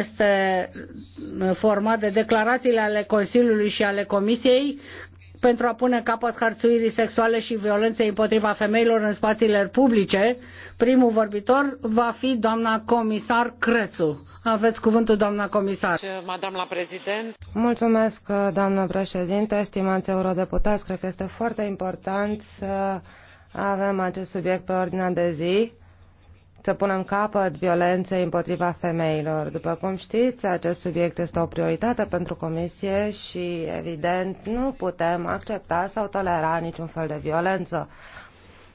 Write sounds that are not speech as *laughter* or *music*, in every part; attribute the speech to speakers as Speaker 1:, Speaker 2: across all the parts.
Speaker 1: este format de declarațiile ale Consiliului și ale Comisiei pentru a pune capăt hărțuirii sexuale și violenței împotriva femeilor în spațiile publice. Primul vorbitor va fi doamna comisar Crețu.
Speaker 2: Aveți cuvântul, doamna comisar. Madame președinte. Mulțumesc, doamnă președinte, stimați eurodeputați. Cred că este foarte important să avem acest subiect pe ordinea de zi să punem capăt violenței împotriva femeilor. După cum știți, acest subiect este o prioritate pentru Comisie și, evident, nu putem accepta sau tolera niciun fel de violență.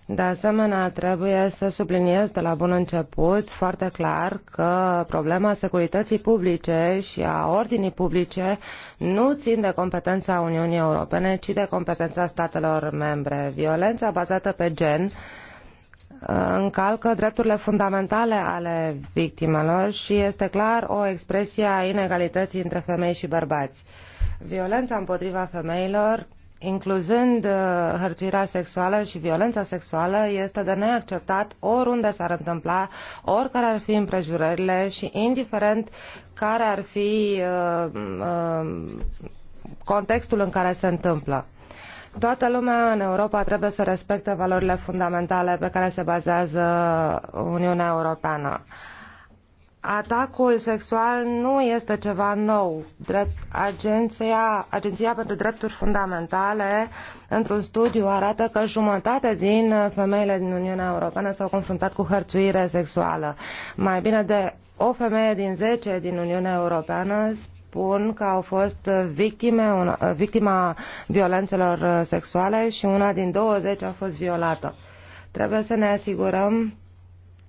Speaker 2: De asemenea, trebuie să subliniez de la bun început foarte clar că problema securității publice și a ordinii publice nu țin de competența Uniunii Europene, ci de competența statelor membre. Violența bazată pe gen Uh, încalcă drepturile fundamentale ale victimelor și este clar o expresie a inegalității între femei și bărbați. Violența împotriva femeilor, incluzând uh, hărțuirea sexuală și violența sexuală, este de neacceptat oriunde s-ar întâmpla, oricare ar fi împrejurările și indiferent care ar fi uh, contextul în care se întâmplă. Toată lumea în Europa trebuie să respecte valorile fundamentale pe care se bazează Uniunea Europeană. Atacul sexual nu este ceva nou. Agenția, Agenția pentru Drepturi Fundamentale, într-un studiu, arată că jumătate din femeile din Uniunea Europeană s-au confruntat cu hărțuire sexuală. Mai bine de o femeie din zece din Uniunea Europeană spun că au fost victime, una, victima violențelor sexuale și una din 20 a fost violată. Trebuie să ne asigurăm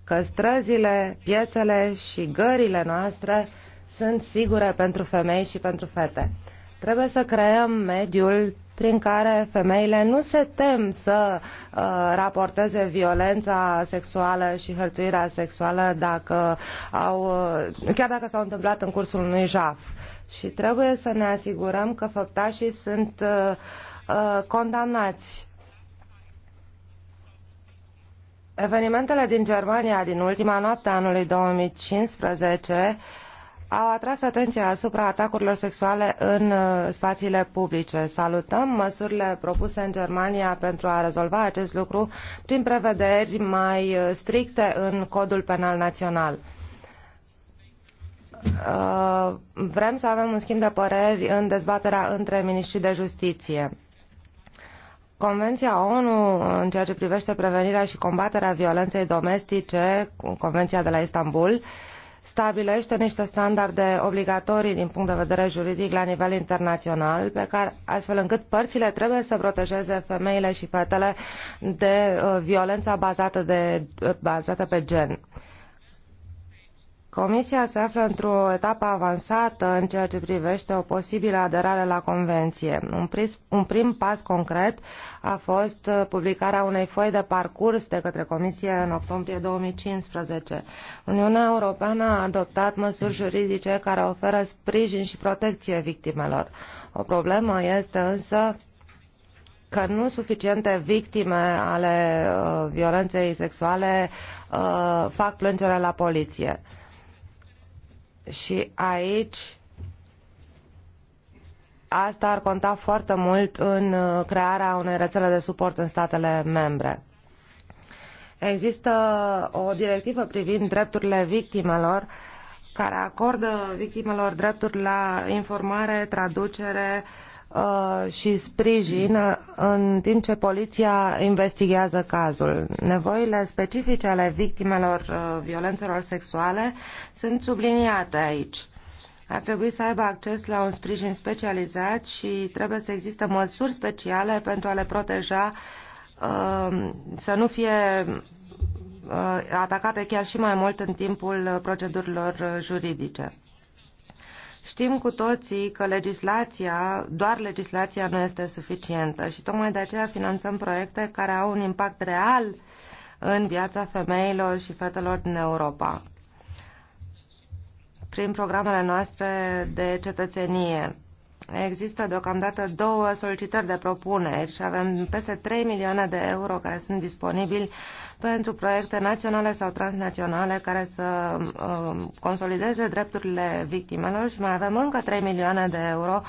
Speaker 2: că străzile, piețele și gările noastre sunt sigure pentru femei și pentru fete. Trebuie să creăm mediul prin care femeile nu se tem să uh, raporteze violența sexuală și hărțuirea sexuală dacă au, uh, chiar dacă s-au întâmplat în cursul unui jaf. Și trebuie să ne asigurăm că făptașii sunt uh, uh, condamnați Evenimentele din Germania din ultima noapte a anului 2015 au atras atenția asupra atacurilor sexuale în uh, spațiile publice. Salutăm măsurile propuse în Germania pentru a rezolva acest lucru prin prevederi mai uh, stricte în codul penal național uh, vrem să avem un schimb de păreri în dezbaterea între miniștrii de justiție. Convenția ONU în ceea ce privește prevenirea și combaterea violenței domestice, Convenția de la Istanbul, uh, stabilește niște standarde obligatorii din punct de vedere juridic la nivel internațional, pe care, astfel încât părțile trebuie să protejeze femeile și fetele de uh, violența uh, bazată, pe gen. Comisia se află într-o etapă avansată în ceea ce privește o posibilă aderare la Convenție. Un, pris, un prim pas concret a fost publicarea unei foi de parcurs de către Comisie în octombrie 2015. Uniunea Europeană a adoptat măsuri juridice care oferă sprijin și protecție victimelor. O problemă este însă că nu suficiente victime ale uh, violenței sexuale uh, fac plângere la poliție. Uh, și aici asta ar conta foarte mult în uh, crearea unei rețele de suport în statele membre. Există o directivă privind drepturile victimelor care acordă victimelor drepturi la informare, traducere, uh, Uh, și sprijin în timp ce poliția investigează cazul. Nevoile specifice ale victimelor uh, violențelor sexuale sunt subliniate aici. Ar trebui să aibă acces la un sprijin specializat și trebuie să existe măsuri speciale pentru a le proteja uh, să nu fie atacate chiar și mai mult în timpul procedurilor juridice. Știm cu toții că legislația, doar legislația nu este suficientă și tocmai de aceea finanțăm proiecte care au un impact real în viața femeilor și fetelor din Europa prin programele noastre de cetățenie. Există deocamdată două solicitări de propuneri și avem peste 3 milioane de euro care sunt disponibili pentru proiecte naționale sau transnaționale care să um, consolideze drepturile victimelor și mai avem încă 3 milioane de euro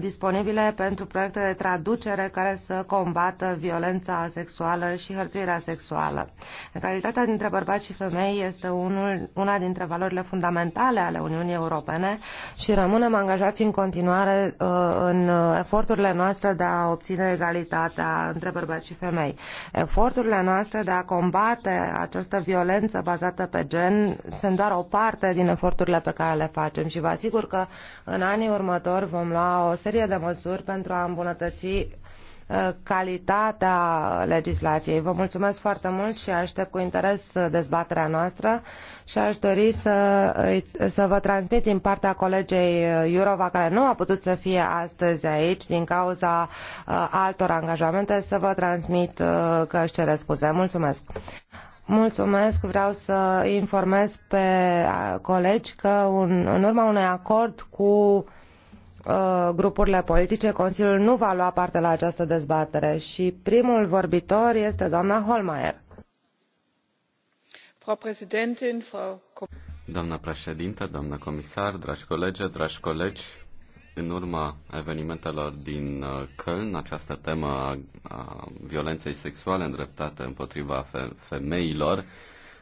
Speaker 2: disponibile pentru proiecte de traducere care să combată violența sexuală și hărțuirea sexuală. Egalitatea dintre bărbați și femei este unul, una dintre valorile fundamentale ale Uniunii Europene și rămânem angajați în continuare uh, în eforturile noastre de a obține egalitatea între bărbați și femei. Eforturile noastre de a combate combate această violență bazată pe gen sunt doar o parte din eforturile pe care le facem și vă asigur că în anii următori vom lua o serie de măsuri pentru a îmbunătăți Uh, calitatea legislației. Vă mulțumesc foarte mult și aștept cu interes uh, dezbaterea noastră și aș dori să, să vă transmit din partea colegei uh, Iurova, care nu a putut să fie astăzi aici din cauza altor angajamente, să vă transmit că își cere scuze. Mulțumesc! Mulțumesc, vreau să informez pe colegi că un, în urma unui acord cu Uh, grupurile politice, Consiliul nu va lua parte la această dezbatere și primul vorbitor este doamna Holmeier.
Speaker 3: Doamna președintă, doamna comisar, dragi colegi, dragi colegi, în urma evenimentelor din uh, Köln, această temă a violenței sexuale îndreptate împotriva femeilor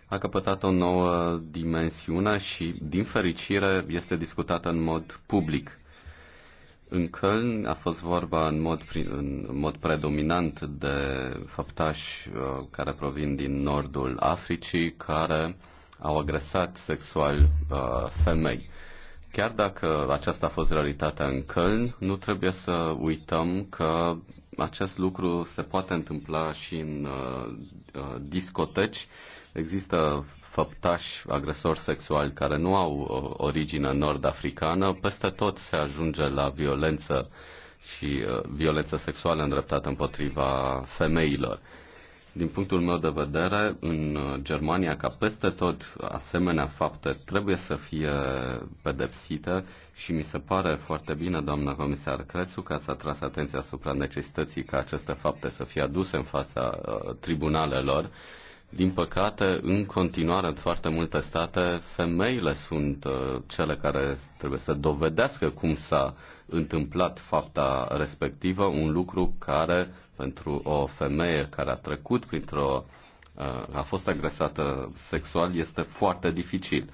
Speaker 3: a căpătat o nouă dimensiune și, din fericire, este discutată în mod public. În Köln a fost vorba în mod, în mod predominant de făptași uh, care provin din nordul Africii, care au agresat sexual uh, femei. Chiar dacă aceasta a fost realitatea în Köln, nu trebuie să uităm că acest lucru se poate întâmpla și în uh, discoteci. Există făptași agresori sexuali care nu au o origine nord-africană. Peste tot se ajunge la violență și uh, violență sexuală îndreptată împotriva femeilor. Din punctul meu de vedere, în uh, Germania, ca peste tot, asemenea fapte trebuie să fie pedepsite și mi se pare foarte bine, doamna comisar Crețu, că ați atras atenția asupra necesității ca aceste fapte să fie aduse în fața uh, tribunalelor din păcate, în continuare, în foarte multe state, femeile sunt uh, cele care trebuie să dovedească cum s-a întâmplat fapta respectivă, un lucru care, pentru o femeie care a trecut printr-o uh, a fost agresată sexual, este foarte dificil.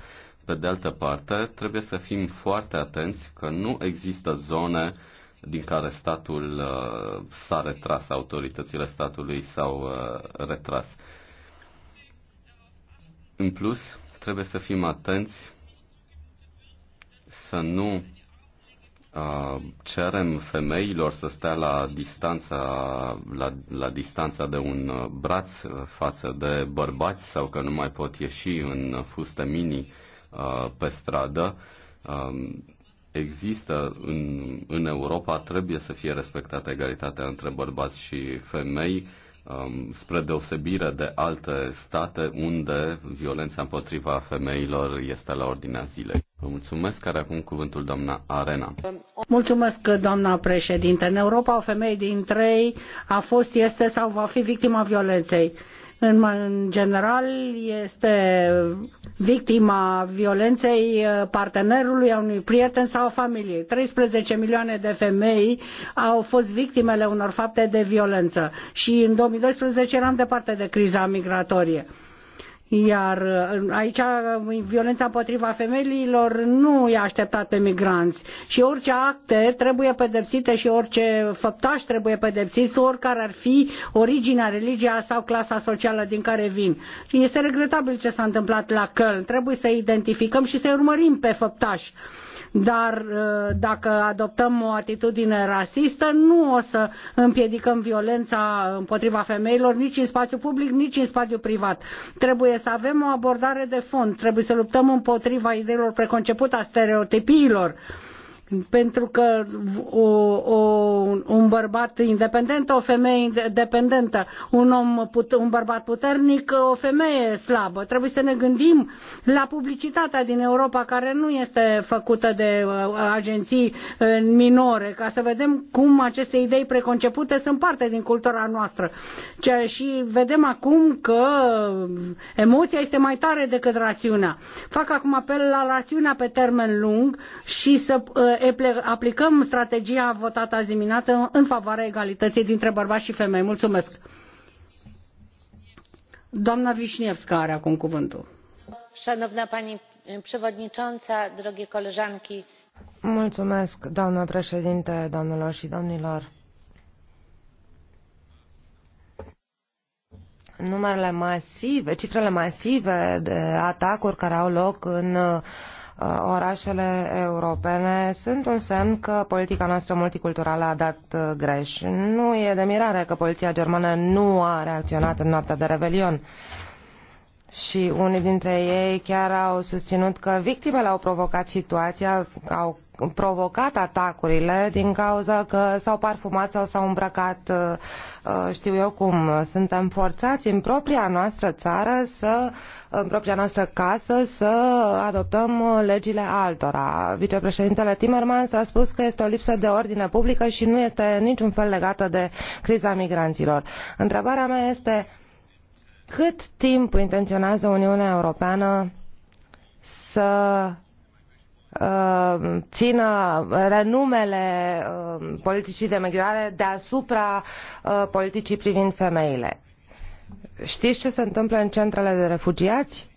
Speaker 3: Pe de altă parte, trebuie să fim foarte atenți că nu există zone din care statul uh, s-a retras, autoritățile statului s-au retras. În plus, trebuie să fim atenți să nu cerem femeilor să stea la distanța, la, la distanța de un braț față de bărbați sau că nu mai pot ieși în fuste mini pe stradă. Există în, în Europa, trebuie să fie respectată egalitatea între bărbați și femei Um, spre deosebire de alte state unde violența împotriva femeilor este la ordinea zilei. Vă mulțumesc, care acum cuvântul doamna Arena.
Speaker 1: Mulțumesc, doamna președinte. În Europa, o femeie din trei a fost, este sau va fi victima violenței în general este victima violenței uh, partenerului, a unui prieten sau a familiei. 13 milioane de femei au fost victimele unor fapte de violență și în 2012 eram departe de criza migratorie. Iar uh, aici uh, violența împotriva femeilor nu i-a așteptat pe migranți și orice acte trebuie pedepsite și orice făptaș trebuie pedepsit, oricare ar fi originea, religia sau clasa socială din care vin. Este regretabil ce s-a întâmplat la Köln. Trebuie să identificăm și să urmărim pe făptași dar uh, dacă adoptăm o atitudine rasistă, nu o să împiedicăm violența împotriva femeilor nici în spațiu public, nici în spațiu privat. Trebuie să avem o abordare de fond, trebuie să luptăm împotriva ideilor preconcepute a stereotipiilor. Uh, pentru că o, o, un bărbat independent, o femeie independentă, un, om put, un bărbat puternic, o femeie slabă. Trebuie să ne gândim la publicitatea din Europa care nu este făcută de uh, agenții uh, minore, ca să vedem cum aceste idei preconcepute sunt parte din cultura noastră. Ce, și vedem acum că emoția este mai tare decât rațiunea. Fac acum apel la rațiunea pe termen lung și să uh, aplicăm strategia votată azi dimineață în favoarea egalității dintre bărbați și femei. Mulțumesc! Doamna
Speaker 2: Vișnievska are acum cuvântul.
Speaker 1: Szanowna Pani Przewodnicząca, drogie koleżanki.
Speaker 2: Mulțumesc, doamna președinte, doamnelor și domnilor. numerele masive, cifrele masive de atacuri care au loc în Uh, orașele europene sunt un semn că politica noastră multiculturală a dat uh, greș. Nu e de mirare că poliția germană nu a reacționat în noaptea de revelion și unii dintre ei chiar au susținut că victimele au provocat situația, au provocat atacurile din cauza că s-au parfumat sau s-au îmbrăcat, uh, știu eu cum. Suntem forțați în propria noastră țară, să, în propria noastră casă, să adoptăm legile altora. Vicepreședintele Timmermans a spus că este o lipsă de ordine publică și nu este niciun fel legată de criza migranților. Întrebarea mea este cât timp intenționează Uniunea Europeană să uh, țină renumele uh, politicii de migrare deasupra uh, politicii privind femeile. Știți ce se întâmplă în centrele de refugiați?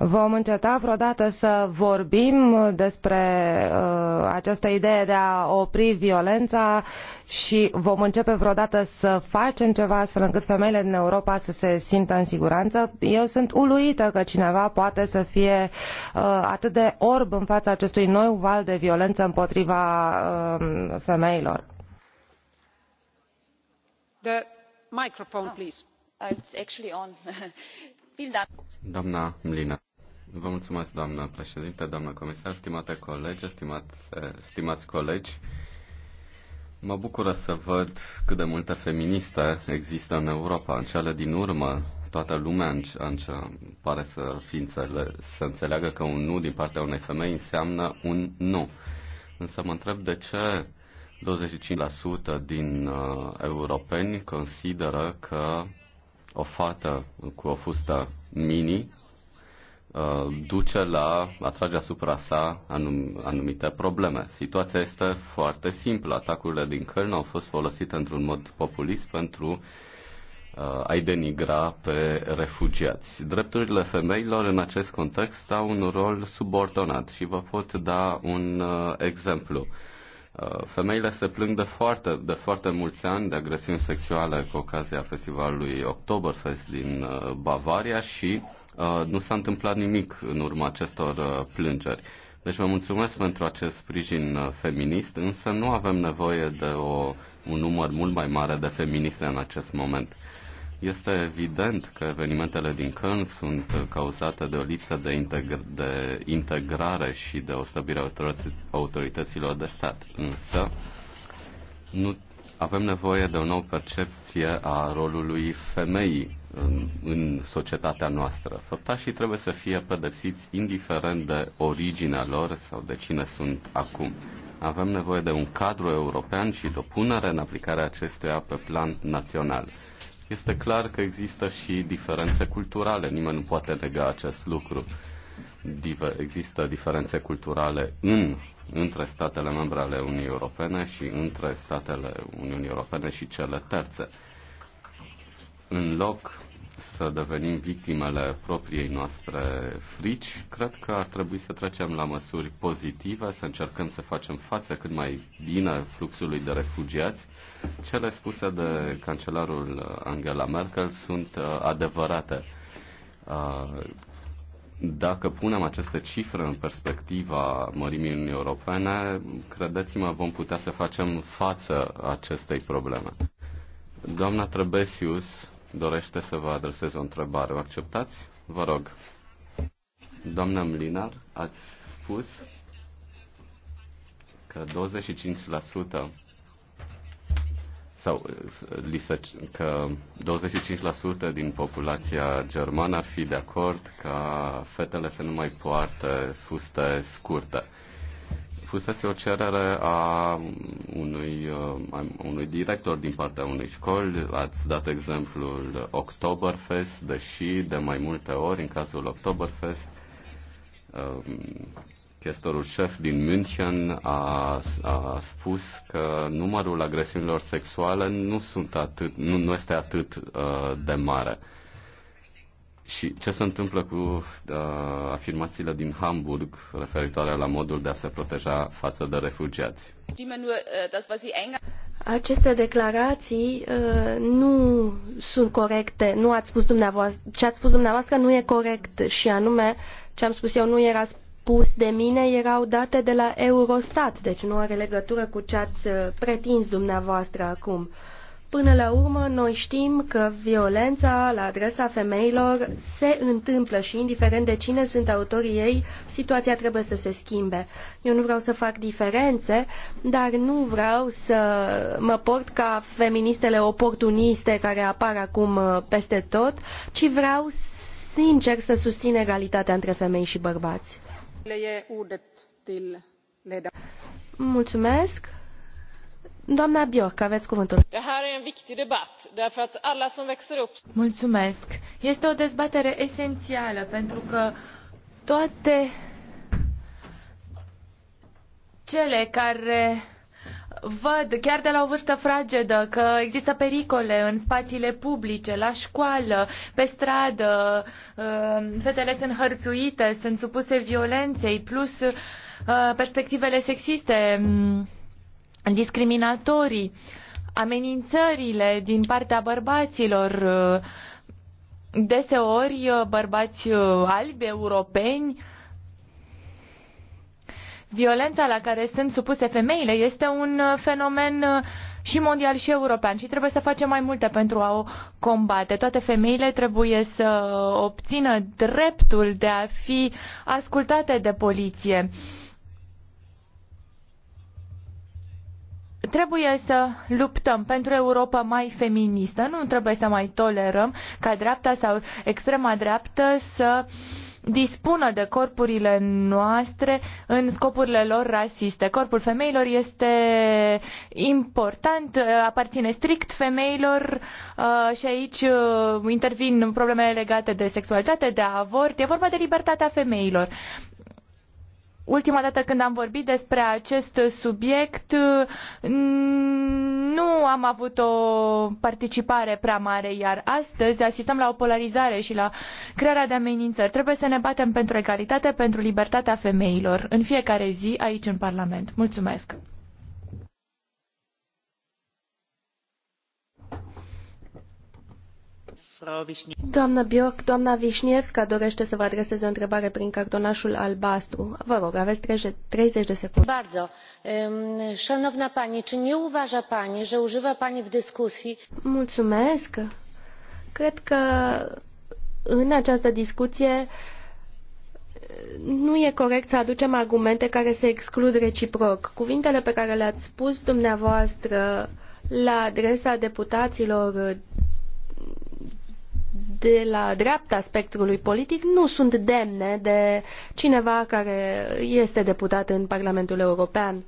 Speaker 2: Vom înceta vreodată să vorbim despre uh, această idee de a opri violența și vom începe vreodată să facem ceva astfel încât femeile din Europa să se simtă în siguranță. Eu sunt uluită că cineva poate să fie uh, atât de orb în fața acestui nou val de violență împotriva uh, femeilor.
Speaker 1: The microphone, please. Oh, it's actually on. *laughs*
Speaker 3: Doamna Mlina. Vă mulțumesc, doamnă președinte, doamnă comisar, stimate colegi, stimate, stimați colegi. Mă bucură să văd cât de multe feministe există în Europa. În cele din urmă, toată lumea înce- pare să, fi înțele- să înțeleagă că un nu din partea unei femei înseamnă un nu. Însă mă întreb de ce 25% din uh, europeni consideră că o fată cu o fustă mini Uh, duce la atrage asupra sa anum, anumite probleme. Situația este foarte simplă. Atacurile din Köln au fost folosite într-un mod populist pentru uh, a-i denigra pe refugiați. Drepturile femeilor în acest context au un rol subordonat și vă pot da un uh, exemplu. Femeile se plâng de foarte, de foarte mulți ani de agresiuni sexuale cu ocazia festivalului Oktoberfest din Bavaria și uh, Uh, nu s-a întâmplat nimic în urma acestor uh, plângeri. Deci vă mulțumesc pentru acest sprijin uh, feminist, însă nu avem nevoie de o, un număr mult mai mare de feministe în acest moment. Este evident că evenimentele din Căln sunt cauzate de o lipsă de, integr- de integrare și de o stabilire a autorităților de stat. Însă, nu avem nevoie de o nouă percepție a rolului femeii în, în societatea noastră. Făptașii trebuie să fie pedepsiți indiferent de originea lor sau de cine sunt acum. Avem nevoie de un cadru european și de o punere în aplicare a acestuia pe plan național. Este clar că există și diferențe culturale, nimeni nu poate nega acest lucru. Diver, există diferențe culturale în între statele membre ale Uniunii Europene și între statele Uniunii Europene și cele terțe. În loc să devenim victimele propriei noastre frici, cred că ar trebui să trecem la măsuri pozitive, să încercăm să facem față cât mai bine fluxului de refugiați. Cele spuse de cancelarul Angela Merkel sunt uh, adevărate. Uh, dacă punem aceste cifre în perspectiva mărimii Uniunii Europene, credeți-mă, vom putea să facem față acestei probleme. Doamna Trebesius dorește să vă adreseze o întrebare. O acceptați? Vă rog. Doamna Mlinar, ați spus că 25% sau uh, li se, că 25% din populația germană ar fi de acord ca fetele să nu mai poartă fuste scurte. Fusese o cerere a unui, uh, a unui director din partea unei școli, ați dat exemplul Oktoberfest, deși de mai multe ori în cazul Oktoberfest um, chestorul șef din München a, a spus că numărul agresiunilor sexuale nu, sunt atât, nu, nu este atât uh, de mare. Și ce se întâmplă cu uh, afirmațiile din Hamburg referitoare la modul de a se proteja față de refugiați?
Speaker 4: Aceste
Speaker 5: declarații uh, nu sunt corecte. Nu ați spus dumneavoastră, ce ați spus dumneavoastră nu e corect și anume ce am spus eu nu era spus de mine erau date de la Eurostat, deci nu are legătură cu ce ați uh, pretins dumneavoastră acum. Până la urmă, noi știm că violența la adresa femeilor se întâmplă și, indiferent de cine sunt autorii ei, situația trebuie să se schimbe. Eu nu vreau să fac diferențe, dar nu vreau să mă port ca feministele oportuniste care apar acum uh, peste tot, ci vreau sincer să susțin egalitatea între femei și bărbați.
Speaker 4: Mulțumesc. Doamna Bjork, aveți cuvântul. Mulțumesc. Este o dezbatere esențială pentru că toate cele care văd chiar de la o vârstă fragedă că există pericole în spațiile publice, la școală, pe stradă, uh, fetele sunt hărțuite, sunt supuse violenței, plus uh, perspectivele sexiste, mm, discriminatorii, amenințările din partea bărbaților, uh, deseori bărbați albi, europeni, Violența la care sunt supuse femeile este un uh, fenomen uh, și mondial și european și trebuie să facem mai multe pentru a o combate. Toate femeile trebuie să obțină dreptul de a fi ascultate de poliție. Trebuie să luptăm pentru o Europa mai feministă. Nu trebuie să mai tolerăm ca dreapta sau extrema dreaptă să uh, dispună de corpurile noastre în scopurile lor rasiste. Corpul femeilor este important, aparține strict femeilor uh, și aici uh, intervin problemele legate de sexualitate, de avort. E vorba de libertatea femeilor. Ultima dată când am vorbit despre acest subiect, nu am avut o participare prea mare, iar astăzi asistăm la o polarizare și la crearea de amenințări. Trebuie să ne batem pentru egalitate, pentru libertatea femeilor, în fiecare zi aici în Parlament. Mulțumesc! Doamna Bioc, doamna
Speaker 5: Vișnievska dorește să vă adreseze o întrebare prin cartonașul albastru. Vă rog, aveți 30 de secunde. Bardzo. Szanowna Pani, czy nie uważa Pani, że używa Pani w dyskusji... Mulțumesc. Cred că în această discuție nu e corect să aducem argumente care se exclud reciproc. Cuvintele pe care le-ați spus dumneavoastră la adresa deputaților de la dreapta spectrului politic nu sunt demne de cineva care este deputat în Parlamentul European.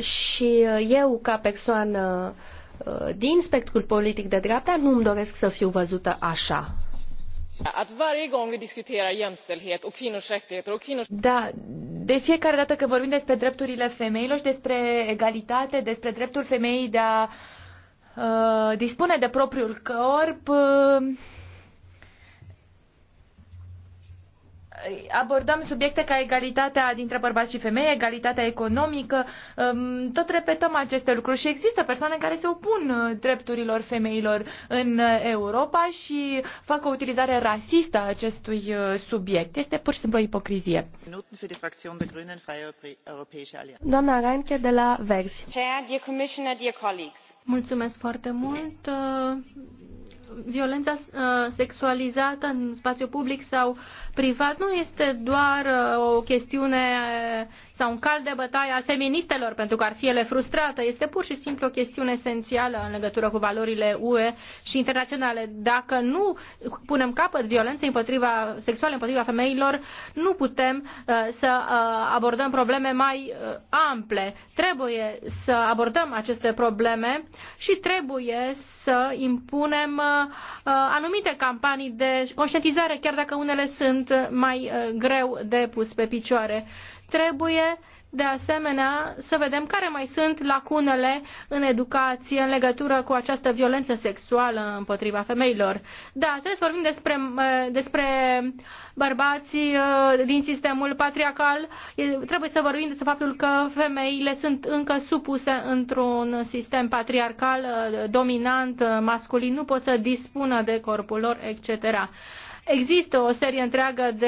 Speaker 5: Și uh, eu, ca persoană uh, din spectrul politic de dreapta, nu îmi doresc să fiu văzută așa.
Speaker 4: Da, de fiecare dată când vorbim despre drepturile femeilor și despre egalitate, despre dreptul femeii de a Uh, dispune de propriul corp uh, abordăm subiecte ca egalitatea dintre bărbați și femei, egalitatea economică, um, tot repetăm aceste lucruri și există persoane care se opun uh, drepturilor femeilor în uh, Europa și fac o utilizare rasistă a acestui uh, subiect. Este pur și simplu o ipocrizie. Doamna Reinke de la Verzi.
Speaker 6: Mulțumesc foarte mult violența uh, sexualizată în spațiu public sau privat nu este doar uh, o chestiune uh, sau un cal de bătaie al feministelor pentru că ar fi ele frustrate. Este pur și simplu o chestiune esențială în legătură cu valorile UE și internaționale. Dacă nu punem capăt violenței împotriva sexuale împotriva femeilor, nu putem uh, să uh, abordăm probleme mai uh, ample. Trebuie să abordăm aceste probleme și trebuie să impunem uh, uh, anumite campanii de conștientizare, chiar dacă unele sunt mai uh, greu de pus pe picioare. Trebuie de asemenea, să vedem care mai sunt lacunele în educație în legătură cu această violență sexuală împotriva femeilor. Da, trebuie să vorbim despre, despre bărbații uh, din sistemul patriarcal. Trebuie să vorbim despre faptul că femeile sunt încă supuse într-un sistem patriarcal uh, dominant, uh, masculin, nu pot să dispună de corpul lor, etc. Există o serie întreagă de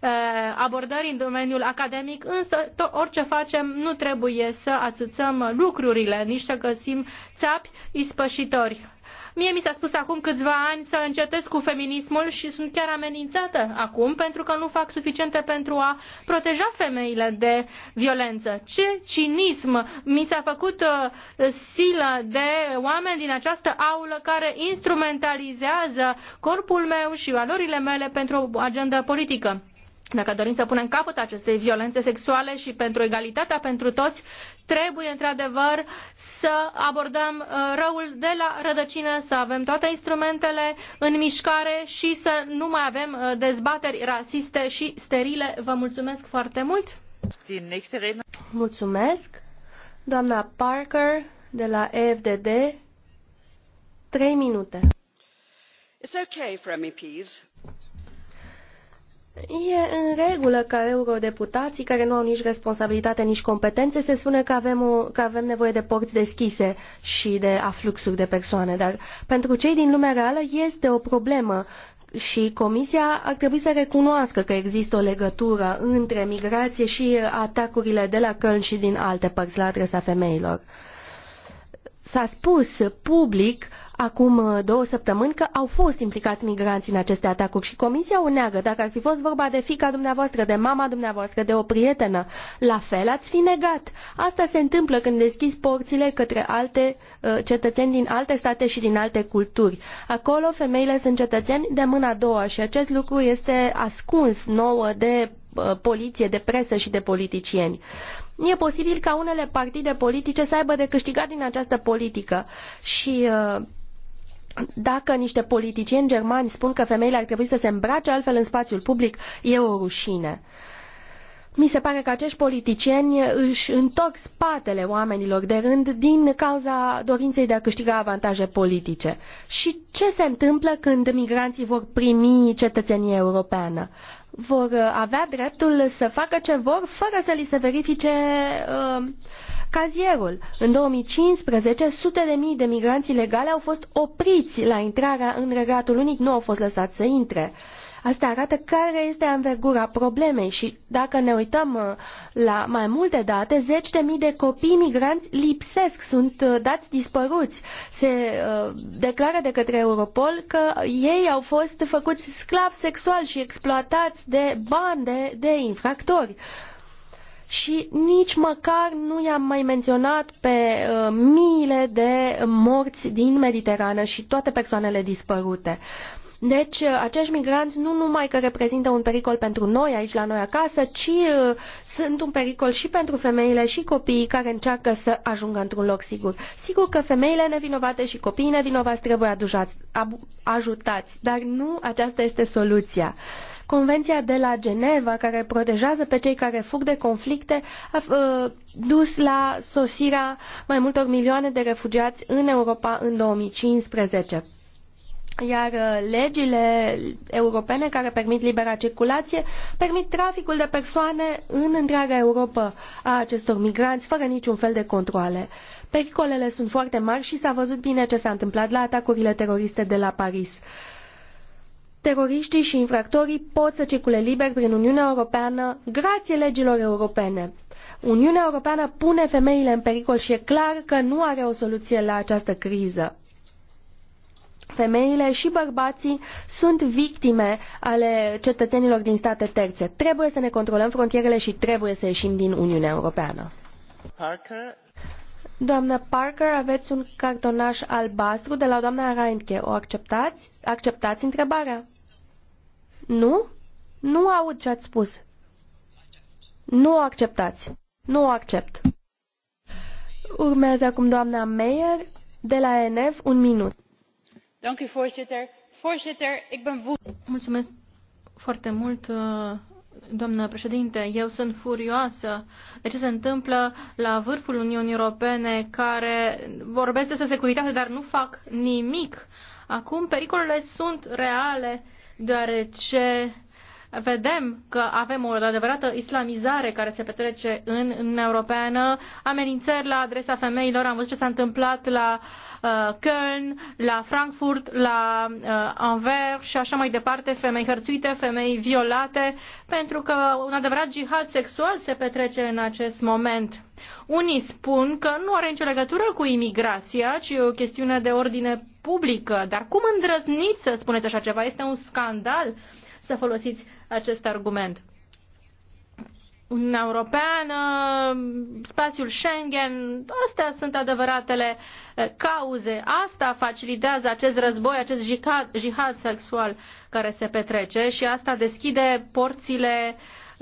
Speaker 6: eh, abordări în domeniul academic, însă orice facem nu trebuie să atâțăm lucrurile, nici să găsim țapi ispășitori Mie mi s-a spus acum câțiva ani să încetez cu feminismul și sunt chiar amenințată acum pentru că nu fac suficiente pentru a proteja femeile de violență. Ce cinism! Mi s-a făcut uh, silă de oameni din această aulă care instrumentalizează corpul meu și valorile mele pentru o agendă politică. Dacă dorim să punem capăt acestei violențe sexuale și pentru egalitatea pentru toți, trebuie într-adevăr să abordăm uh, răul de la rădăcină, să avem toate instrumentele în mișcare și să nu mai avem uh, dezbateri rasiste și sterile. Vă mulțumesc foarte mult!
Speaker 5: Mulțumesc! Doamna Parker de la EFDD, 3 minute.
Speaker 1: It's okay for MEPs
Speaker 5: E în regulă ca eurodeputații care nu au nici responsabilitate, nici competențe, se spune că avem, o, că avem nevoie de porți deschise și de afluxuri de persoane, dar pentru cei din lumea reală este o problemă și Comisia ar trebui să recunoască că există o legătură între migrație și atacurile de la Köln și din alte părți la adresa femeilor. S-a spus public acum uh, două săptămâni că au fost implicați migranți în aceste atacuri și comisia o neagă. Dacă ar fi fost vorba de fica dumneavoastră, de mama dumneavoastră, de o prietenă, la fel ați fi negat. Asta se întâmplă când deschizi porțile către alte uh, cetățeni din alte state și din alte culturi. Acolo femeile sunt cetățeni de mâna a doua și acest lucru este ascuns nouă de uh, poliție, de presă și de politicieni. E posibil ca unele partide politice să aibă de câștigat din această politică și uh, dacă niște politicieni germani spun că femeile ar trebui să se îmbrace altfel în spațiul public, e o rușine. Mi se pare că acești politicieni își întorc spatele oamenilor de rând din cauza dorinței de a câștiga avantaje politice. Și ce se întâmplă când migranții vor primi cetățenie europeană? vor avea dreptul să facă ce vor fără să li se verifice uh, cazierul. În 2015, sute de mii de migranți ilegali au fost opriți la intrarea în Regatul Unic, nu au fost lăsați să intre. Uh, Asta arată care este anvergura problemei și dacă ne uităm uh, la mai multe date, zeci de mii de copii migranți lipsesc, sunt uh, dați dispăruți. Se uh, declară de către Europol că ei au fost făcuți sclavi sexuali și exploatați de bande de infractori și nici măcar nu i-am mai menționat pe uh, miile de morți din Mediterană și toate persoanele dispărute. Uh, deci, uh, acești migranți nu numai că reprezintă un pericol pentru noi aici la noi acasă, ci uh, sunt un pericol și pentru femeile și copiii care încearcă să ajungă într-un loc sigur. Sigur că femeile nevinovate și copiii nevinovați trebuie adujați, ajutați, dar nu aceasta este soluția. Convenția de la Geneva, care protejează pe cei care fug de conflicte, a uh, dus la sosirea mai multor milioane de refugiați în Europa în 2015. Iar uh, legile europene care permit libera circulație permit traficul de persoane în întreaga Europa a acestor migranți fără niciun fel de controle. Pericolele sunt foarte mari și s-a văzut bine ce s-a întâmplat la atacurile teroriste de la Paris. Teroriștii și infractorii pot să circule liber prin Uniunea Europeană grație legilor europene. Uniunea Europeană pune femeile în pericol și e clar că nu are o soluție la această criză femeile și bărbații sunt victime ale cetățenilor din state terțe. Trebuie să ne controlăm frontierele și trebuie să ieșim din Uniunea Europeană. Parker. Doamna Parker, aveți un cartonaș albastru de la doamna Reintke. O acceptați? Acceptați întrebarea? Nu? Nu aud ce ați spus. Nu o acceptați. Nu o accept. Urmează acum doamna Meyer de la ENF, un minut
Speaker 6: voorzitter ik ben. mulțumesc foarte mult uh, doamnă președinte eu sunt furioasă de ce se întâmplă la vârful uniunii europene care vorbesc despre securitate dar nu fac nimic. acum pericolele sunt reale deoarece vedem că avem o adevărată islamizare care se petrece în Uniunea Europeană, amenințări la adresa femeilor, am văzut ce s-a întâmplat la uh, Köln, la Frankfurt, la uh, Anvers și așa mai departe, femei hărțuite, femei violate, pentru că un adevărat jihad sexual se petrece în acest moment. Unii spun că nu are nicio legătură cu imigrația, ci e o chestiune de ordine publică. Dar cum îndrăzniți să spuneți așa ceva? Este un scandal. Uh, să folosiți acest argument. Uniunea Europeană, spațiul Schengen, astea sunt adevăratele eh, cauze. Asta facilitează acest război, acest jihad, jihad sexual care se petrece și asta deschide porțile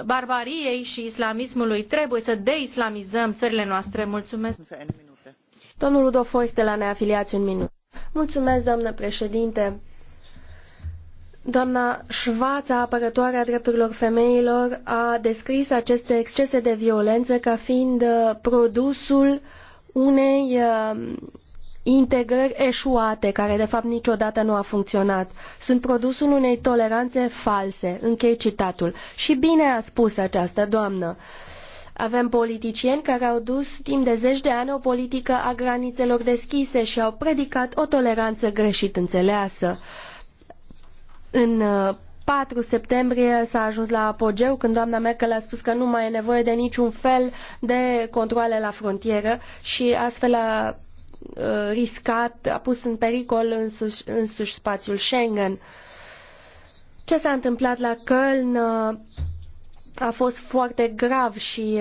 Speaker 6: barbariei și islamismului. Trebuie să deislamizăm țările noastre. Mulțumesc.
Speaker 5: Domnul Rudolf Oich de la Neafiliați, un minut. Mulțumesc, doamnă președinte. Doamna Șvața, apărătoare a drepturilor femeilor, a descris aceste excese de violență ca fiind uh, produsul unei uh, integrări eșuate, care de fapt niciodată nu a funcționat. Sunt produsul unei toleranțe false. Închei citatul. Și bine a spus această doamnă. Avem politicieni care au dus timp de zeci de ani o politică a granițelor deschise și au predicat o toleranță greșit înțeleasă. În 4 uh, septembrie s-a ajuns la apogeu când doamna Merkel a spus că nu mai e nevoie de niciun fel de controle la frontieră și astfel a uh, riscat, a pus în pericol însuși, însuși spațiul Schengen. Ce s-a întâmplat la Köln uh, a fost foarte grav și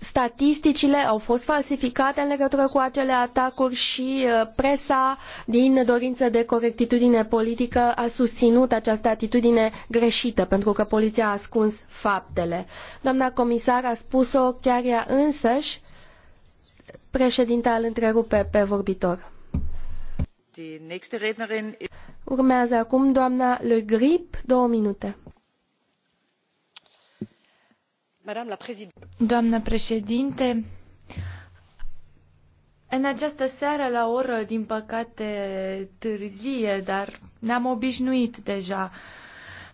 Speaker 5: statisticile au fost falsificate în legătură cu acele atacuri și uh, presa, din dorință de corectitudine politică, a susținut această atitudine greșită, pentru că poliția a ascuns faptele. Doamna comisar a spus-o chiar ea însăși. Președinta îl întrerupe pe vorbitor. Urmează acum doamna Le Grip, două minute
Speaker 4: doamnă președinte în această seară la o oră din păcate târzie dar ne am obișnuit deja cu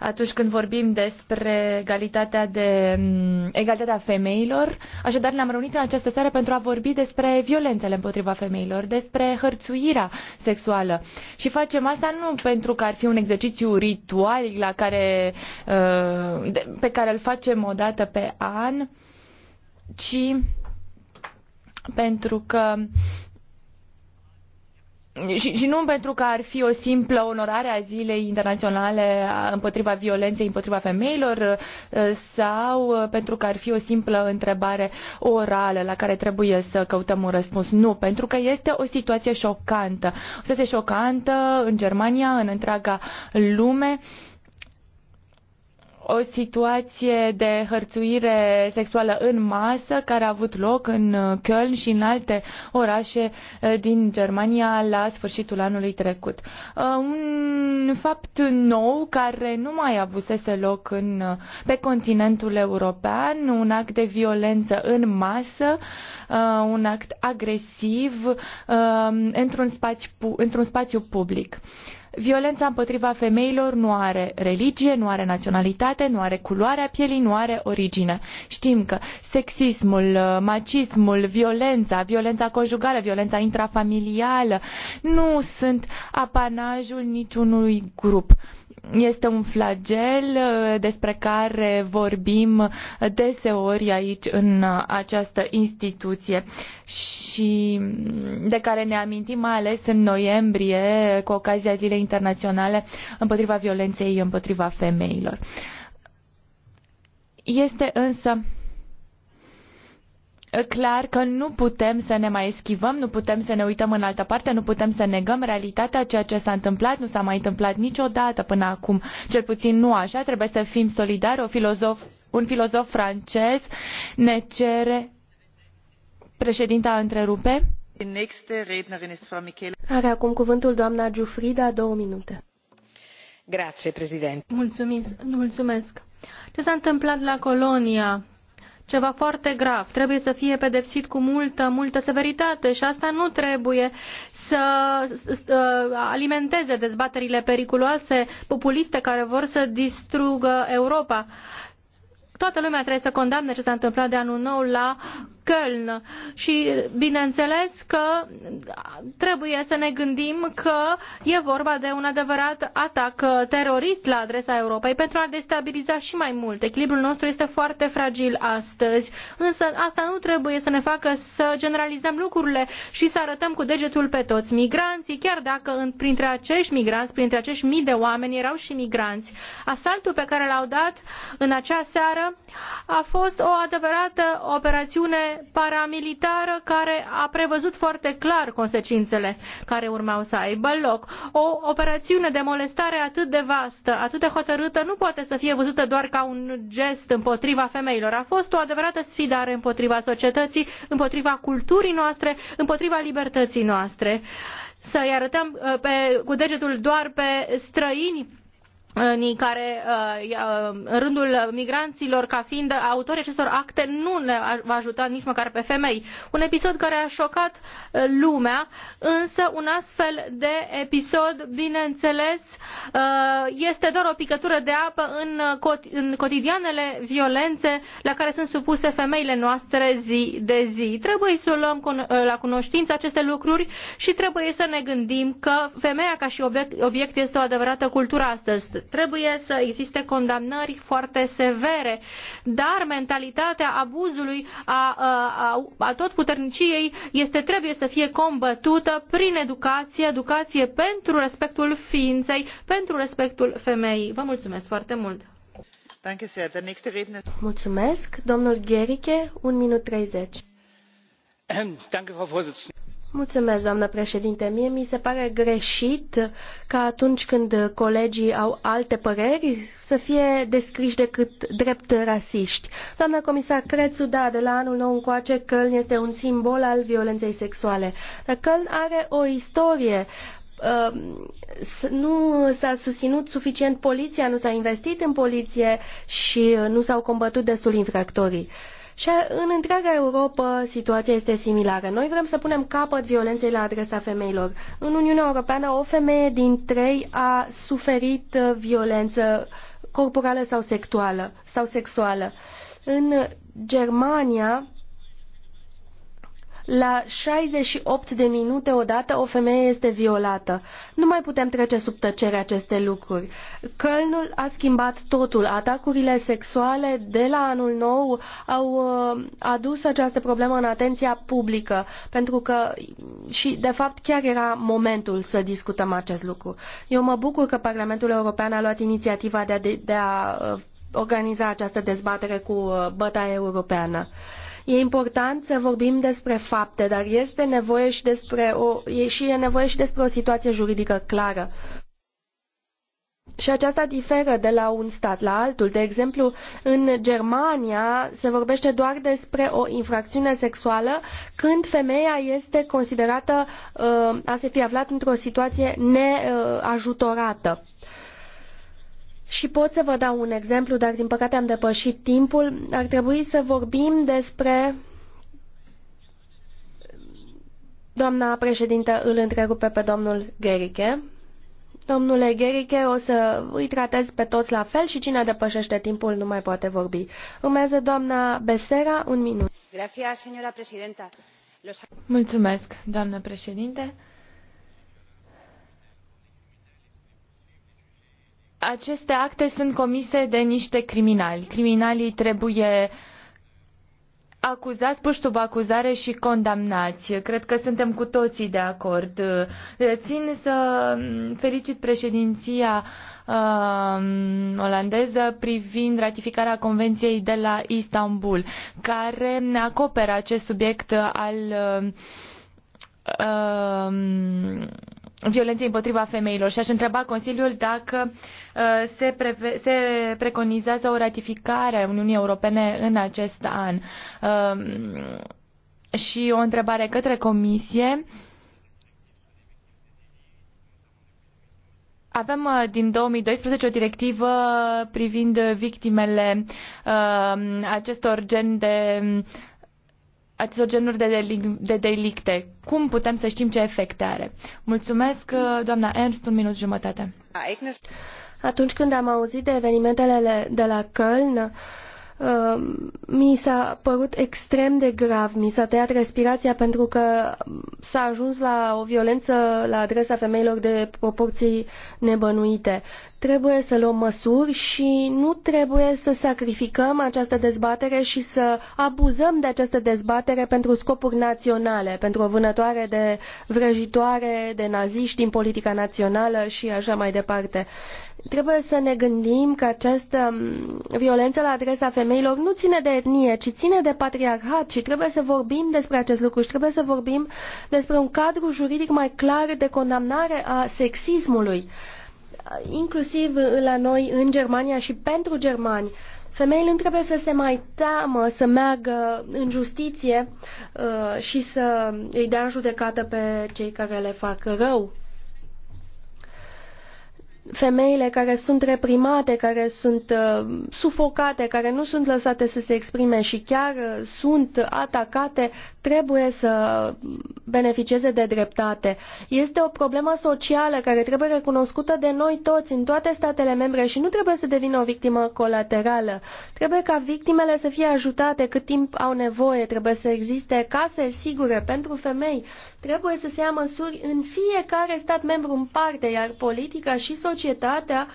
Speaker 4: atunci când vorbim despre egalitatea, de, mm, egalitatea femeilor. Așadar, ne-am reunit în această seară pentru a vorbi despre violențele împotriva femeilor, despre hărțuirea sexuală. Și facem asta nu pentru că ar fi un exercițiu ritual la care, uh, pe care îl facem o dată pe an, ci pentru că și, nu pentru că ar fi o simplă onorare a Zilei Internaționale împotriva violenței împotriva femeilor uh, sau uh, pentru că ar fi o simplă întrebare orală la care trebuie să căutăm un răspuns. Nu, pentru că este o situație șocantă. O situație șocantă în Germania, în întreaga lume. Uh, o situație de hărțuire sexuală în masă care a avut loc în uh, Köln și în alte orașe uh, din Germania la sfârșitul anului trecut. Uh, un fapt nou care nu mai avusese loc în, pe continentul european, un act de violență în masă, un act agresiv într-un spațiu, într-un spațiu public. Violența împotriva femeilor nu are religie, nu are naționalitate, nu are culoarea pielii, nu are origine. Știm că sexismul, uh, macismul, violența, violența conjugală, violența intrafamilială nu sunt apanajul niciunui grup este un flagel uh, despre care vorbim deseori aici în uh, această instituție și mm, de care ne amintim mai ales în noiembrie cu ocazia Zilei Internaționale împotriva violenței împotriva femeilor. Este însă clar că nu putem să ne mai eschivăm, nu putem să ne uităm în altă parte, nu putem să negăm realitatea, ceea ce s-a întâmplat nu s-a mai întâmplat niciodată până acum, cel puțin nu așa, trebuie să fim solidari, o filozof, un filozof francez ne cere președinta întrerupe. Are acum cuvântul doamna Giufrida, două minute. Grazie, președinte.
Speaker 6: Mulțumesc. mulțumesc. Ce s-a întâmplat la Colonia ceva foarte grav. Trebuie să fie pedepsit cu multă, multă severitate și asta nu trebuie să uh, alimenteze dezbaterile periculoase, populiste care vor să distrugă Europa. Toată lumea trebuie să condamne ce s-a întâmplat de anul nou la Köln. Și bineînțeles că trebuie să ne gândim că e vorba de un adevărat atac terorist la adresa Europei pentru a destabiliza și mai mult. Echilibrul nostru este foarte fragil astăzi, însă asta nu trebuie să ne facă să generalizăm lucrurile și să arătăm cu degetul pe toți migranții, chiar dacă printre acești migranți, printre acești mii de oameni erau și migranți. Asaltul pe care l-au dat în acea seară a fost o adevărată operațiune paramilitară care a prevăzut foarte clar consecințele care urmau să aibă loc. O operațiune de molestare atât de vastă, atât de hotărâtă, nu poate să fie văzută doar ca un gest împotriva femeilor. A fost o adevărată sfidare împotriva societății, împotriva culturii noastre, împotriva libertății noastre. Să-i arătăm uh, pe, cu degetul doar pe străini în care uh, uh, în rândul migranților ca fiind autorii acestor acte nu ne va ajuta nici măcar pe femei. Un episod care a șocat uh, lumea, însă un astfel de episod, bineînțeles, este doar o picătură de apă în, cot- în cotidianele violențe la care sunt supuse femeile noastre zi de zi. Trebuie să luăm la cunoștință aceste lucruri și trebuie să ne gândim că femeia ca și obiect, obiect este o adevărată cultură astăzi Trebuie să existe condamnări foarte severe, dar mentalitatea abuzului a, a, a tot puterniciei este trebuie să fie combătută prin educație, educație pentru respectul ființei, pentru respectul femeii. Vă mulțumesc foarte mult! Mulțumesc.
Speaker 5: Domnul Gerike, un minut 30. Mulțumesc, doamnă președinte. Mie mi se pare greșit ca atunci când colegii au alte păreri să fie descriși decât drept rasiști. Doamna comisar Crețu, da, de la anul nou încoace, Căln este un simbol al violenței sexuale. Dar Căln are o istorie uh, nu s-a susținut suficient poliția, nu s-a investit în poliție și nu s-au combătut destul infractorii. Și în întreaga Europa situația este similară. Noi vrem să punem capăt violenței la adresa femeilor. În Uniunea Europeană o femeie din trei a suferit uh, violență corporală sau sexuală. Sau sexuală. În Germania la 68 de minute odată o femeie este violată. Nu mai putem trece sub tăcere aceste lucruri. Kölnul a schimbat totul. Atacurile sexuale de la anul nou au uh, adus această problemă în atenția publică, pentru că și de fapt chiar era momentul să discutăm acest lucru. Eu mă bucur că Parlamentul European a luat inițiativa de a, de, de a uh, organiza această dezbatere cu uh, bătaia europeană. Uh, E important să vorbim despre fapte, dar este nevoie și despre o, e, și e nevoie și despre o situație juridică clară. Și aceasta diferă de la un stat la altul. De exemplu, în Germania se vorbește doar despre o infracțiune sexuală când femeia este considerată uh, a se fi aflat într-o situație neajutorată. Uh, și pot să vă dau un exemplu, dar din păcate am depășit timpul. Ar trebui să vorbim despre... Doamna președintă îl întrerupe pe domnul Gerike. Domnule Gerike, o să îi tratez pe toți la fel și cine depășește timpul nu mai poate vorbi. Urmează doamna
Speaker 4: Besera, un minut.
Speaker 2: Mulțumesc,
Speaker 4: doamnă președinte. aceste acte sunt comise de niște criminali. Criminalii trebuie acuzați, puși sub acuzare și condamnați. Cred că suntem cu toții de acord. Țin să felicit președinția uh, olandeză privind ratificarea Convenției de la Istanbul, care acoperă acest subiect al uh, uh, violenței împotriva femeilor și aș întreba Consiliul dacă uh, se, preve- se preconizează o ratificare a Uniunii Europene în acest an. Um, și o întrebare către Comisie. Avem uh, din 2012 o directivă privind victimele uh, acestor gen de uh, acestor genuri de, delic- de delicte? Cum putem să știm ce efecte are? Mulțumesc, uh, doamna Ernst, un minut jumătate.
Speaker 5: Atunci când am auzit de evenimentele de la Köln, uh, mi s-a părut extrem de grav, mi s-a tăiat respirația pentru că s-a ajuns la o violență la adresa femeilor de proporții nebănuite. Trebuie să luăm măsuri și nu trebuie să sacrificăm această dezbatere și să abuzăm de această dezbatere pentru scopuri naționale, pentru o vânătoare de vrăjitoare, de naziști din politica națională și așa mai departe. Trebuie să ne gândim că această violență la adresa femeilor nu ține de etnie, ci ține de patriarhat și trebuie să vorbim despre acest lucru și trebuie să vorbim despre un cadru juridic mai clar de condamnare a sexismului inclusiv la noi în Germania și pentru germani. Femeile nu trebuie să se mai teamă să meargă în justiție uh, și să îi dea în judecată pe cei care le fac rău femeile care sunt reprimate, care sunt uh, sufocate, care nu sunt lăsate să se exprime și chiar uh, sunt atacate, trebuie să beneficieze de dreptate. Este o problemă socială care trebuie recunoscută de noi toți în toate statele membre și nu trebuie să devină o victimă colaterală. Trebuie ca victimele să fie ajutate cât timp au nevoie, trebuie să existe case sigure pentru femei, trebuie să se ia măsuri în fiecare stat membru în parte, iar politica și societatea societatea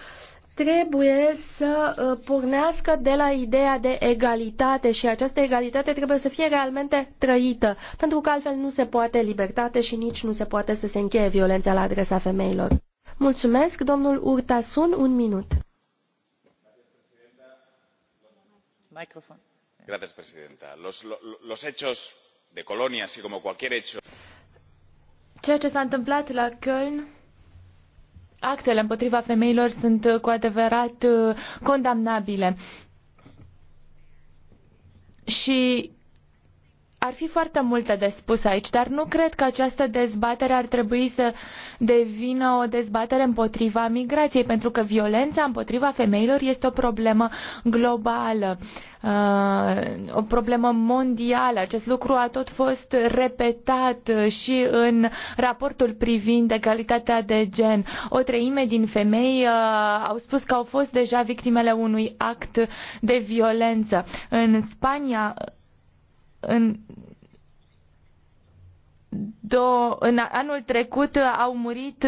Speaker 5: trebuie să uh, pornească de la ideea de egalitate și această egalitate trebuie să fie realmente trăită, pentru că altfel nu se poate libertate și nici nu se poate să se încheie violența la adresa femeilor. Mulțumesc, domnul Urtasun, un minut.
Speaker 1: Microfon. Gracias, presidenta. Los, los hechos de Colonia, así como cualquier hecho.
Speaker 4: Ceea ce s-a întâmplat la Köln actele împotriva femeilor sunt uh, cu adevărat uh, condamnabile. Și ar fi foarte multe de spus aici, dar nu cred că această dezbatere ar trebui să devină o dezbatere împotriva migrației, pentru că violența împotriva femeilor este o problemă globală, uh, o problemă mondială. Acest lucru a tot fost repetat și în raportul privind egalitatea de gen. O treime din femei uh, au spus că au fost deja victimele unui act de violență. În Spania, în Două, în anul trecut uh, au murit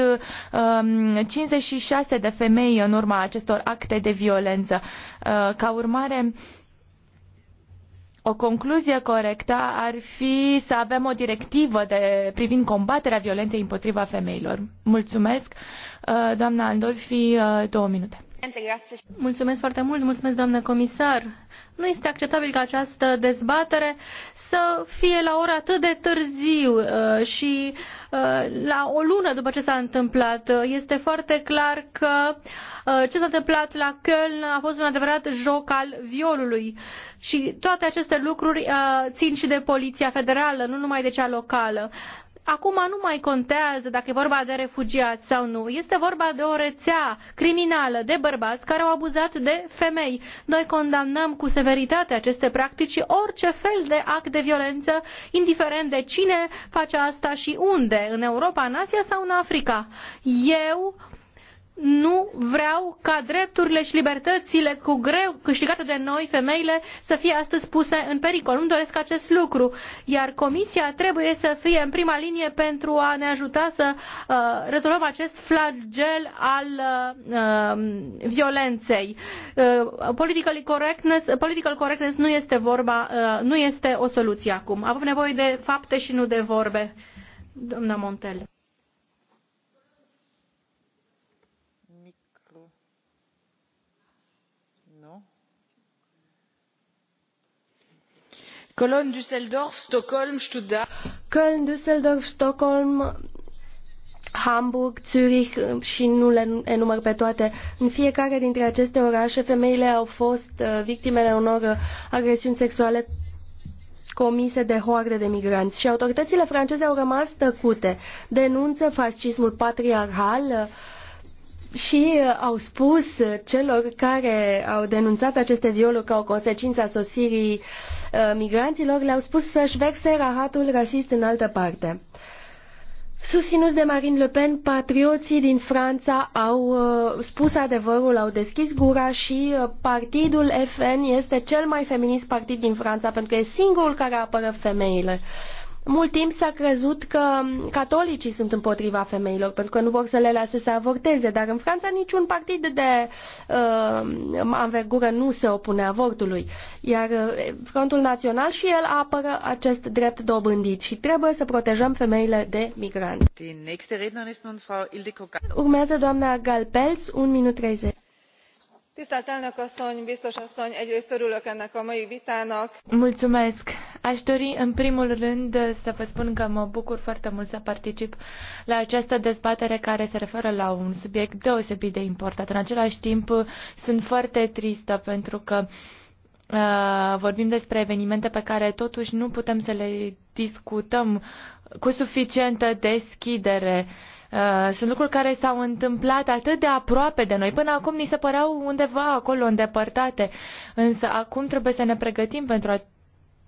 Speaker 4: um, 56 de femei în urma acestor acte de violență. Uh, ca urmare, o concluzie corectă ar fi să avem o directivă de, privind combaterea violenței împotriva femeilor. Mulțumesc. Uh, doamna Andolfi, uh, două minute. Mulțumesc foarte mult, mulțumesc doamnă comisar. Nu este acceptabil ca această
Speaker 6: dezbatere să fie la ora atât de târziu uh, și uh, la o lună după ce s-a întâmplat. Uh, este foarte clar că ce s-a întâmplat la Köln a fost un adevărat joc al violului. Și toate aceste lucruri țin și de Poliția Federală, nu numai de cea locală. Acum nu mai contează dacă e vorba de refugiați sau nu. Este vorba de o rețea criminală de bărbați care au abuzat de femei. Noi condamnăm cu severitate aceste practici și orice fel de act de violență, indiferent de cine face asta și unde, în Europa, în Asia sau în Africa. Eu nu vreau ca drepturile și libertățile cu greu câștigate de noi, femeile, să fie astăzi puse în pericol. Nu doresc acest lucru, iar Comisia trebuie să fie în prima linie pentru a ne ajuta să uh, rezolvăm acest flagel al uh, um, violenței. Uh, political, correctness, political correctness nu este, vorba, uh, nu este o soluție acum. Avem nevoie de fapte și nu de vorbe. Doamna
Speaker 4: Montel.
Speaker 5: Cologne, Düsseldorf, Stockholm, Stuttgart. Köln, Düsseldorf, Stockholm, Hamburg, Zürich uh, și nu le enumăr pe toate. În fiecare dintre aceste orașe, femeile au fost uh, victimele unor uh, agresiuni sexuale comise de hoarde de migranți și autoritățile franceze au rămas tăcute. Denunță fascismul patriarhal și au spus celor care au denunțat aceste violuri ca o consecință a sosirii uh, Uh, migranților le-au spus să-și vexe rahatul rasist în altă parte. Susținuți de Marine Le Pen, patrioții din Franța au uh, spus adevărul, au deschis gura și uh, partidul FN este cel mai feminist partid din Franța pentru că e singurul care apără femeile. Uh, mult timp s-a crezut că catolicii sunt împotriva femeilor pentru că nu vor să le lase să avorteze, dar în Franța niciun partid de uh, anvergură nu se opune avortului. Iar uh, Frontul Național și el apără acest drept dobândit și trebuie să protejăm femeile de migranți. Urmează doamna Galpelz, 1 minut 30
Speaker 2: tisztelt elnök asszony biztos asszony egyrészt örülök ennek a mai vitának.
Speaker 4: aș dori în primul rând să vă spun că mă bucur foarte mult să particip la această dezbatere care se referă la un subiect deosebit de important. în același timp sunt foarte tristă pentru că uh, vorbim despre evenimente pe care totuși nu putem să le discutăm cu suficientă deschidere. Uh, sunt lucruri care s-au întâmplat atât de aproape de noi. Până acum ni se păreau undeva acolo, îndepărtate. Însă acum trebuie să ne pregătim pentru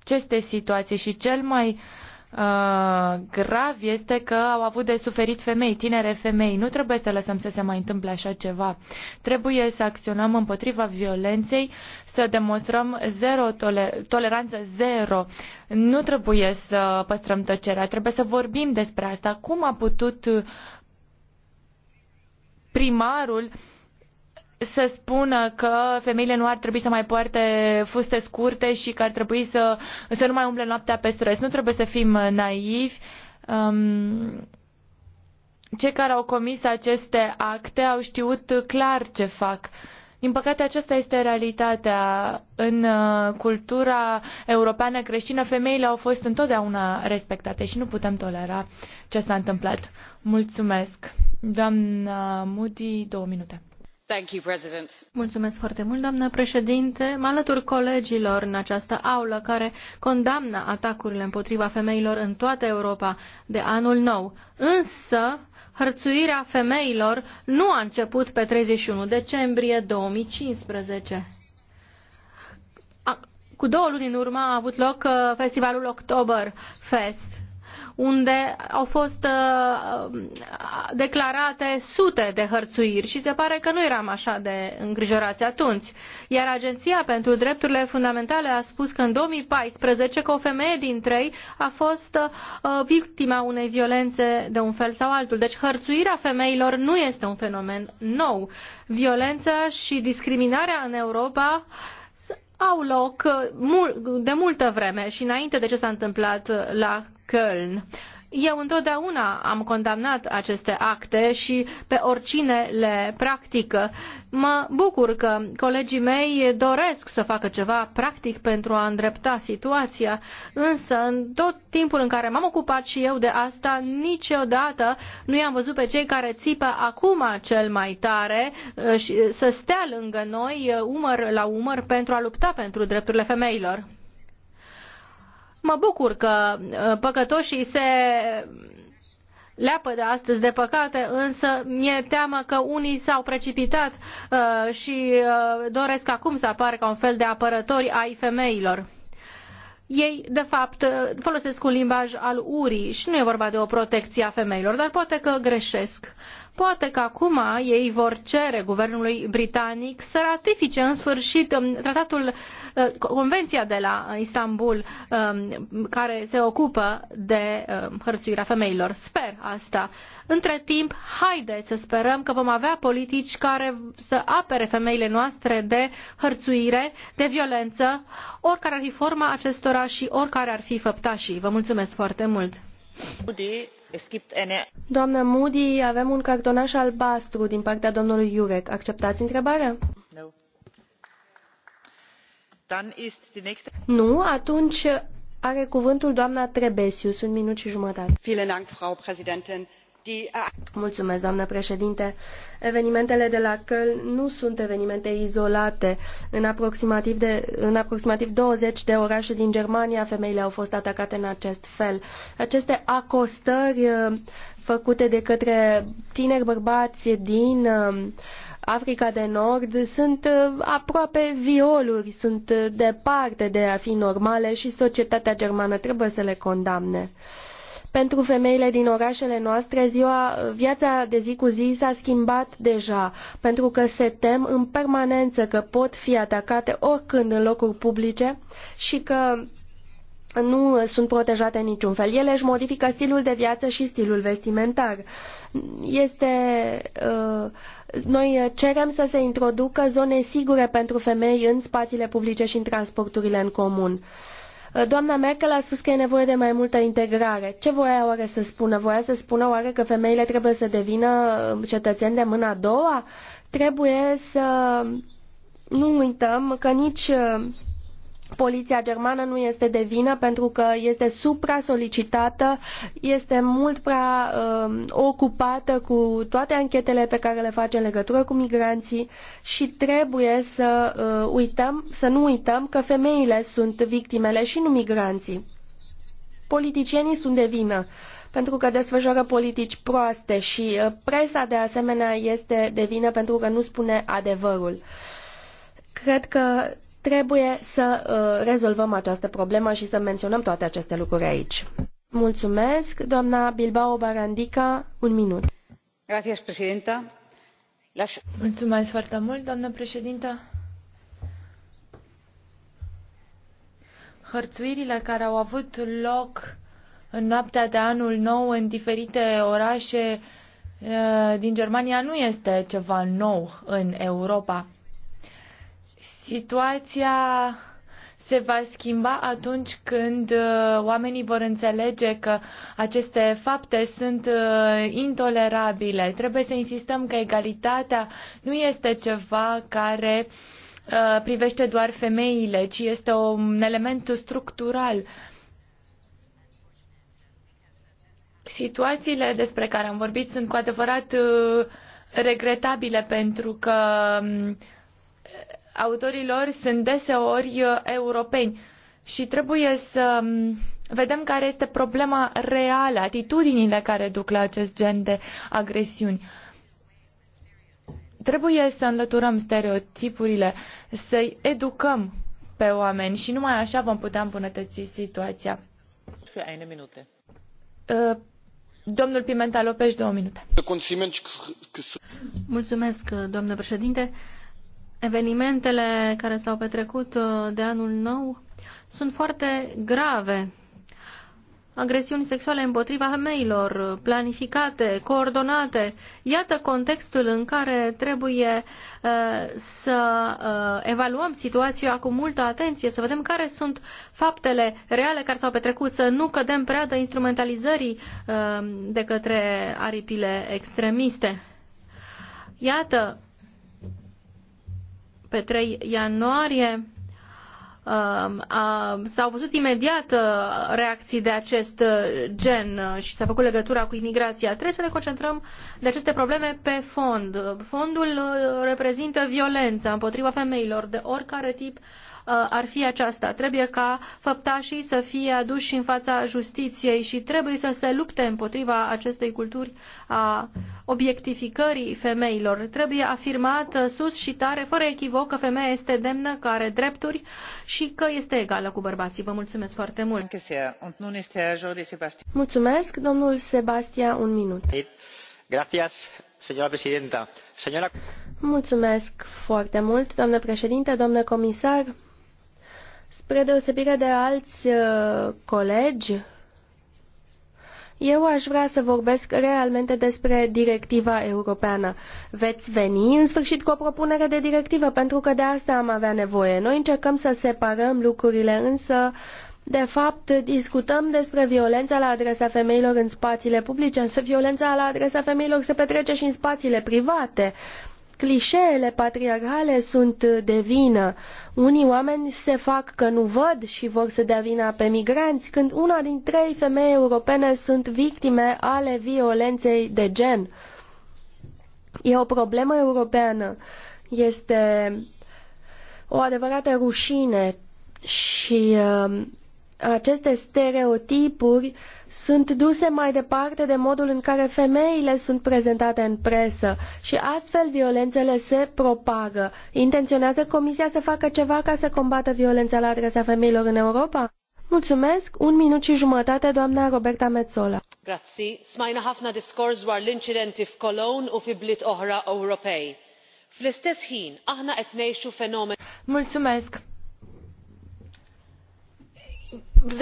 Speaker 4: aceste situații și cel mai uh, uh, grav este că au avut de suferit femei, tinere femei. Nu trebuie să lăsăm să se mai întâmple așa ceva. Trebuie să acționăm împotriva violenței, să demonstrăm zero toler- toleranță zero. Nu trebuie să păstrăm tăcerea, trebuie să vorbim despre asta. Cum a putut primarul uh, să spună că femeile nu ar trebui să mai poarte fuste scurte și că ar trebui să, să nu mai umble noaptea pe străzi. Nu trebuie să fim naivi. Um, cei care au comis aceste acte au știut clar ce fac. Din păcate, aceasta este realitatea. În uh, cultura europeană creștină, femeile au fost întotdeauna respectate și nu putem tolera ce s-a întâmplat. Mulțumesc. Doamna Moody, două minute.
Speaker 6: Mulțumesc foarte mult, doamnă președinte. Mă alătur colegilor în această aulă care condamnă atacurile împotriva femeilor în toată Europa de anul nou. Însă, hărțuirea femeilor nu a început pe 31 decembrie 2015. Cu două luni în urmă a avut loc uh, festivalul October Fest unde au fost uh, declarate sute de hărțuiri și se pare că nu eram așa de îngrijorați atunci. Iar Agenția pentru Drepturile Fundamentale a spus că în 2014 că o femeie din trei a fost uh, victima unei violențe de un fel sau altul. Deci hărțuirea femeilor nu este un fenomen nou. Violența și discriminarea în Europa au loc de multă vreme și înainte de ce s-a întâmplat la Köln. Eu întotdeauna am condamnat aceste acte și pe oricine le practică. Mă bucur că colegii mei doresc să facă ceva practic pentru a îndrepta situația, însă în tot timpul în care m-am ocupat și eu de asta, niciodată nu i-am văzut pe cei care țipă acum cel mai tare eh, să stea lângă noi eh, umăr la umăr pentru a lupta pentru drepturile femeilor. Mă bucur că uh, păcătoșii se leapă de astăzi de păcate, însă mi-e teamă că unii s-au precipitat uh, și uh, doresc acum să apară ca un fel de apărători ai femeilor. Ei, de fapt, uh, folosesc un limbaj al urii și nu e vorba de o protecție a femeilor, dar poate că greșesc. Uh, Poate că acum ei vor cere guvernului britanic să ratifice în sfârșit um, tratatul, uh, convenția de la Istanbul um, care se ocupă de um, hărțuirea femeilor. Sper asta. Între timp, haideți să sperăm că vom avea politici care să apere femeile noastre de hărțuire, de violență, oricare ar fi forma acestora și oricare ar fi făptașii. Vă mulțumesc foarte mult!
Speaker 5: Doamnă Moody, avem un cartonaș albastru din partea domnului jurek Acceptați întrebarea? Nu, atunci are cuvântul doamna Trebesius, un minut și jumătate. Mulțumesc, doamnă președinte. Evenimentele de la Köln nu sunt evenimente izolate. În aproximativ, de, în aproximativ 20 de orașe din Germania, femeile au fost atacate în acest fel. Aceste acostări uh, făcute de către tineri bărbați din uh, Africa de Nord sunt uh, aproape violuri, sunt departe de a fi normale și societatea germană trebuie să le condamne pentru femeile din orașele noastre, ziua, viața de zi cu zi s-a schimbat deja, pentru că se tem în permanență că pot fi atacate oricând în locuri publice și că nu sunt protejate în niciun fel. Ele își modifică stilul de viață și stilul vestimentar. Este, uh, noi cerem să se introducă zone sigure pentru femei în spațiile publice și în transporturile în comun. Uh, Eh, doamna Merkel a spus că e nevoie de mai multă integrare. Ce voia oare să spună? Voia să spună oare că femeile trebuie să devină eh, cetățeni de mâna a doua? Trebuie să nu uităm că nici eh, Poliția germană nu este de vină pentru că este supra-solicitată, este mult prea uh, ocupată cu toate anchetele pe care le face în legătură cu migranții și trebuie să uh, uităm, să nu uităm că femeile sunt victimele și nu migranții. Politicienii sunt de vină pentru că desfășoară politici proaste și uh, presa de asemenea este de vină pentru că nu spune adevărul. Cred că Trebuie să uh, rezolvăm această problemă și să menționăm toate aceste lucruri aici. Mulțumesc, doamna Bilbao Barandica, un minut.
Speaker 4: Gracias, presidenta. Las... Mulțumesc foarte mult, doamnă președintă. Hărțuirile care au avut loc în noaptea de anul nou în diferite orașe uh, din Germania nu este ceva nou în Europa. Situația se va schimba atunci când uh, oamenii vor înțelege că aceste fapte sunt uh, intolerabile. Trebuie să insistăm că egalitatea nu este ceva care uh, privește doar femeile, ci este un element structural. Situațiile despre care am vorbit sunt cu adevărat regretabile pentru că um, autorii lor sunt deseori uh, europeni și trebuie să mm, vedem care este problema reală, atitudinile care duc la acest gen de agresiuni. Trebuie să înlăturăm stereotipurile, să-i educăm pe oameni și numai așa vom putea îmbunătăți situația.
Speaker 1: Uh,
Speaker 4: domnul Pimenta Lopez, două minute. Mulțumesc, domnule președinte
Speaker 6: Evenimentele care s-au petrecut uh, de anul nou sunt foarte grave. Agresiuni sexuale împotriva femeilor, planificate, coordonate. Iată contextul în care trebuie uh, să uh, evaluăm situația cu multă atenție, să vedem care sunt faptele reale care s-au petrecut, să nu cădem preadă instrumentalizării uh, de către aripile extremiste. Iată, pe 3 ianuarie. Um, s-au văzut imediat uh, reacții de acest uh, gen uh, și s-a făcut legătura cu imigrația. Trebuie să ne concentrăm de aceste probleme pe fond. Fondul reprezintă violența împotriva femeilor de oricare tip Uh, ar fi aceasta. Trebuie ca făptașii să fie aduși în fața justiției și trebuie să se lupte împotriva acestei culturi a obiectificării femeilor. Trebuie afirmat uh, sus și tare, fără echivoc, că femeia este demnă, că are drepturi și că este egală cu bărbații. Vă mulțumesc
Speaker 4: foarte mult!
Speaker 5: Mulțumesc, domnul Sebastian, un minut. Mulțumesc foarte mult, doamnă președinte, doamnă comisar. Spre deosebire de alți uh, colegi, eu aș vrea să vorbesc realmente despre directiva europeană. Veți veni în sfârșit cu o propunere de directivă, pentru că de asta am avea nevoie. Noi încercăm să separăm lucrurile, însă, de fapt, discutăm despre violența la adresa femeilor în spațiile publice, însă violența la adresa femeilor se petrece și în spațiile private. Uh, clișeele patriarhale sunt de vină. Unii oameni se fac că nu văd și vor să dea vina pe migranți, când una din trei femei europene sunt victime ale violenței de gen. E o problemă europeană. Este o adevărată rușine și uh, aceste stereotipuri sunt duse mai departe de modul în care femeile sunt prezentate în presă și astfel violențele se propagă. Intenționează Comisia să facă ceva ca să combată violența la adresa femeilor în Europa? Mulțumesc, un minut și jumătate, doamna Roberta Metzola.
Speaker 1: Grazzi, smajna ħafna diskors
Speaker 2: dwar l-incidenti f'Cologne u fi oħra Ewropej. Fl-istess ħin, aħna qed fenomen. Mulțumesc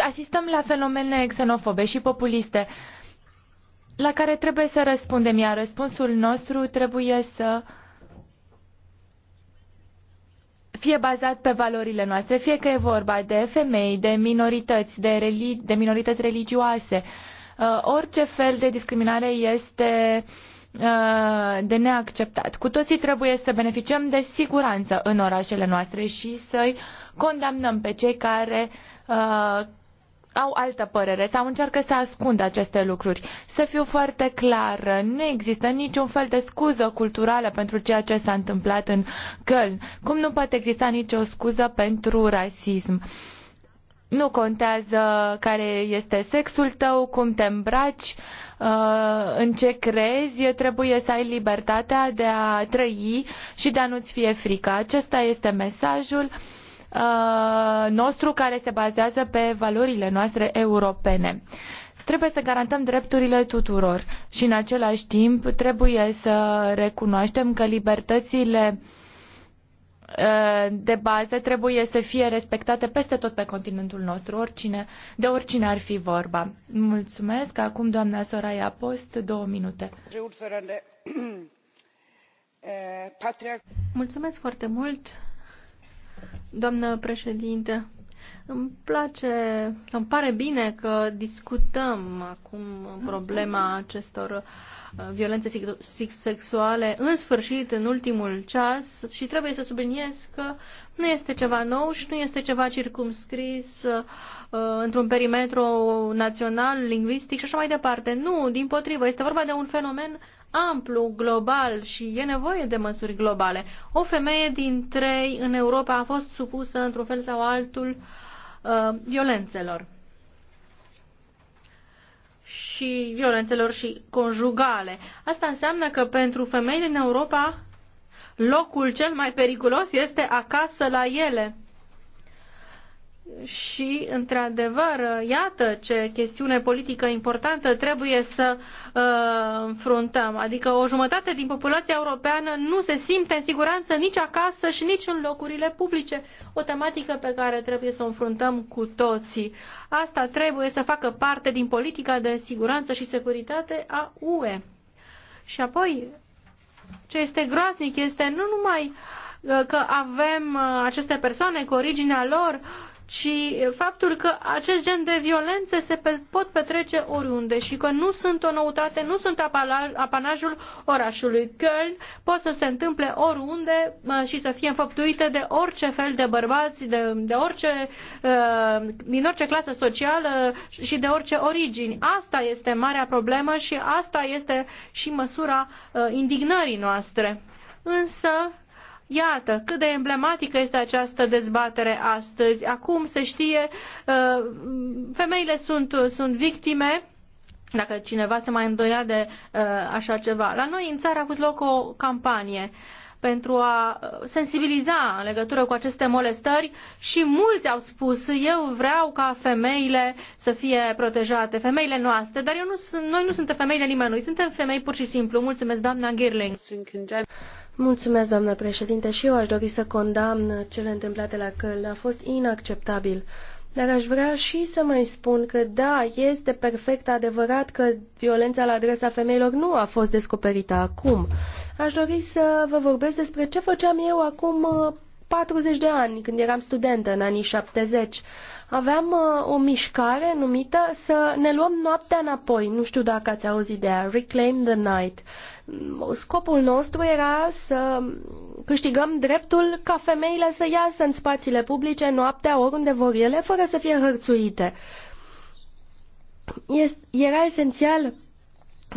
Speaker 4: asistăm la fenomene xenofobe și populiste la care trebuie să răspundem, iar răspunsul nostru trebuie să fie bazat pe valorile noastre, fie că e vorba de femei, de minorități, de, relig- de minorități religioase. Uh, orice fel de discriminare este uh, Uh, de neacceptat. Cu toții trebuie să beneficiem de siguranță în orașele noastre și să-i condamnăm pe cei care uh, au altă părere sau încearcă să ascundă aceste lucruri. Să fiu foarte clar, nu există niciun fel de scuză culturală pentru ceea ce s-a întâmplat în Köln, cum nu poate exista nicio scuză pentru rasism. Uh, nu contează care este sexul tău, cum te îmbraci, uh, în ce crezi, trebuie să ai libertatea de a trăi și de a nu-ți fie frică. Acesta este mesajul uh, nostru care se bazează pe valorile noastre europene. Trebuie să garantăm drepturile tuturor și în același timp trebuie să recunoaștem că libertățile uh, Uh, de bază trebuie să fie respectate peste tot pe continentul nostru, oricine, de oricine ar fi vorba. Mulțumesc. Acum doamna Soraya Post, două minute.
Speaker 6: Mulțumesc foarte mult, doamnă președinte. Îmi place, îmi pare bine că discutăm acum problema acestor uh, violențe sexuale în sfârșit, în ultimul ceas și trebuie să subliniez că nu este ceva nou și nu este ceva circumscris uh, într-un perimetru național, lingvistic și așa mai departe. Nu, din potrivă, este vorba de un fenomen amplu, global și e nevoie de măsuri globale. O femeie din trei în Europa a fost supusă într-un fel sau altul uh, violențelor și violențelor și conjugale. Asta înseamnă că pentru femeile în Europa locul cel mai periculos este acasă la ele și, într-adevăr, iată ce chestiune politică importantă trebuie să uh, înfruntăm. Adică o jumătate din populația europeană nu se simte în siguranță nici acasă și nici în locurile publice. O tematică pe care trebuie să o înfruntăm cu toții. Asta trebuie să facă parte din politica de siguranță și securitate a UE. Și apoi, ce este groaznic este nu numai uh, că avem uh, aceste persoane cu originea lor, ci faptul că acest gen de violențe se pot petrece oriunde și că nu sunt o noutate, nu sunt apanajul orașului Köln, pot să se întâmple oriunde și să fie înfăptuite de orice fel de bărbați, de, de orice, uh, din orice clasă socială și de orice origini. Asta este marea problemă și asta este și măsura uh, indignării noastre. Însă, Iată cât de emblematică este această dezbatere astăzi. Acum se știe, uh, femeile sunt, sunt victime, dacă cineva se mai îndoia de uh, așa ceva. La noi în țară a avut loc o campanie pentru a uh, sensibiliza în legătură cu aceste molestări și mulți au spus eu vreau ca femeile să fie protejate, femeile noastre, dar eu nu, noi nu suntem femeile nimănui, suntem
Speaker 5: femei pur și simplu. Mulțumesc, doamna Girling. Mulțumesc, doamnă președinte, și eu aș dori să condamn cele întâmplate la Căl. A fost inacceptabil. Dar aș vrea și să mai spun că da, este perfect adevărat că violența la adresa femeilor nu a fost descoperită acum. Aș dori să vă vorbesc despre ce făceam eu acum 40 uh, de ani, când eram studentă, în anii 70. Aveam uh, o mișcare numită să ne luăm noaptea înapoi. Nu știu dacă ați auzit de ea, Reclaim the Night. Scopul nostru era să câștigăm dreptul ca femeile să iasă în spațiile publice noaptea, oriunde vor ele, fără să fie hărțuite. Era esențial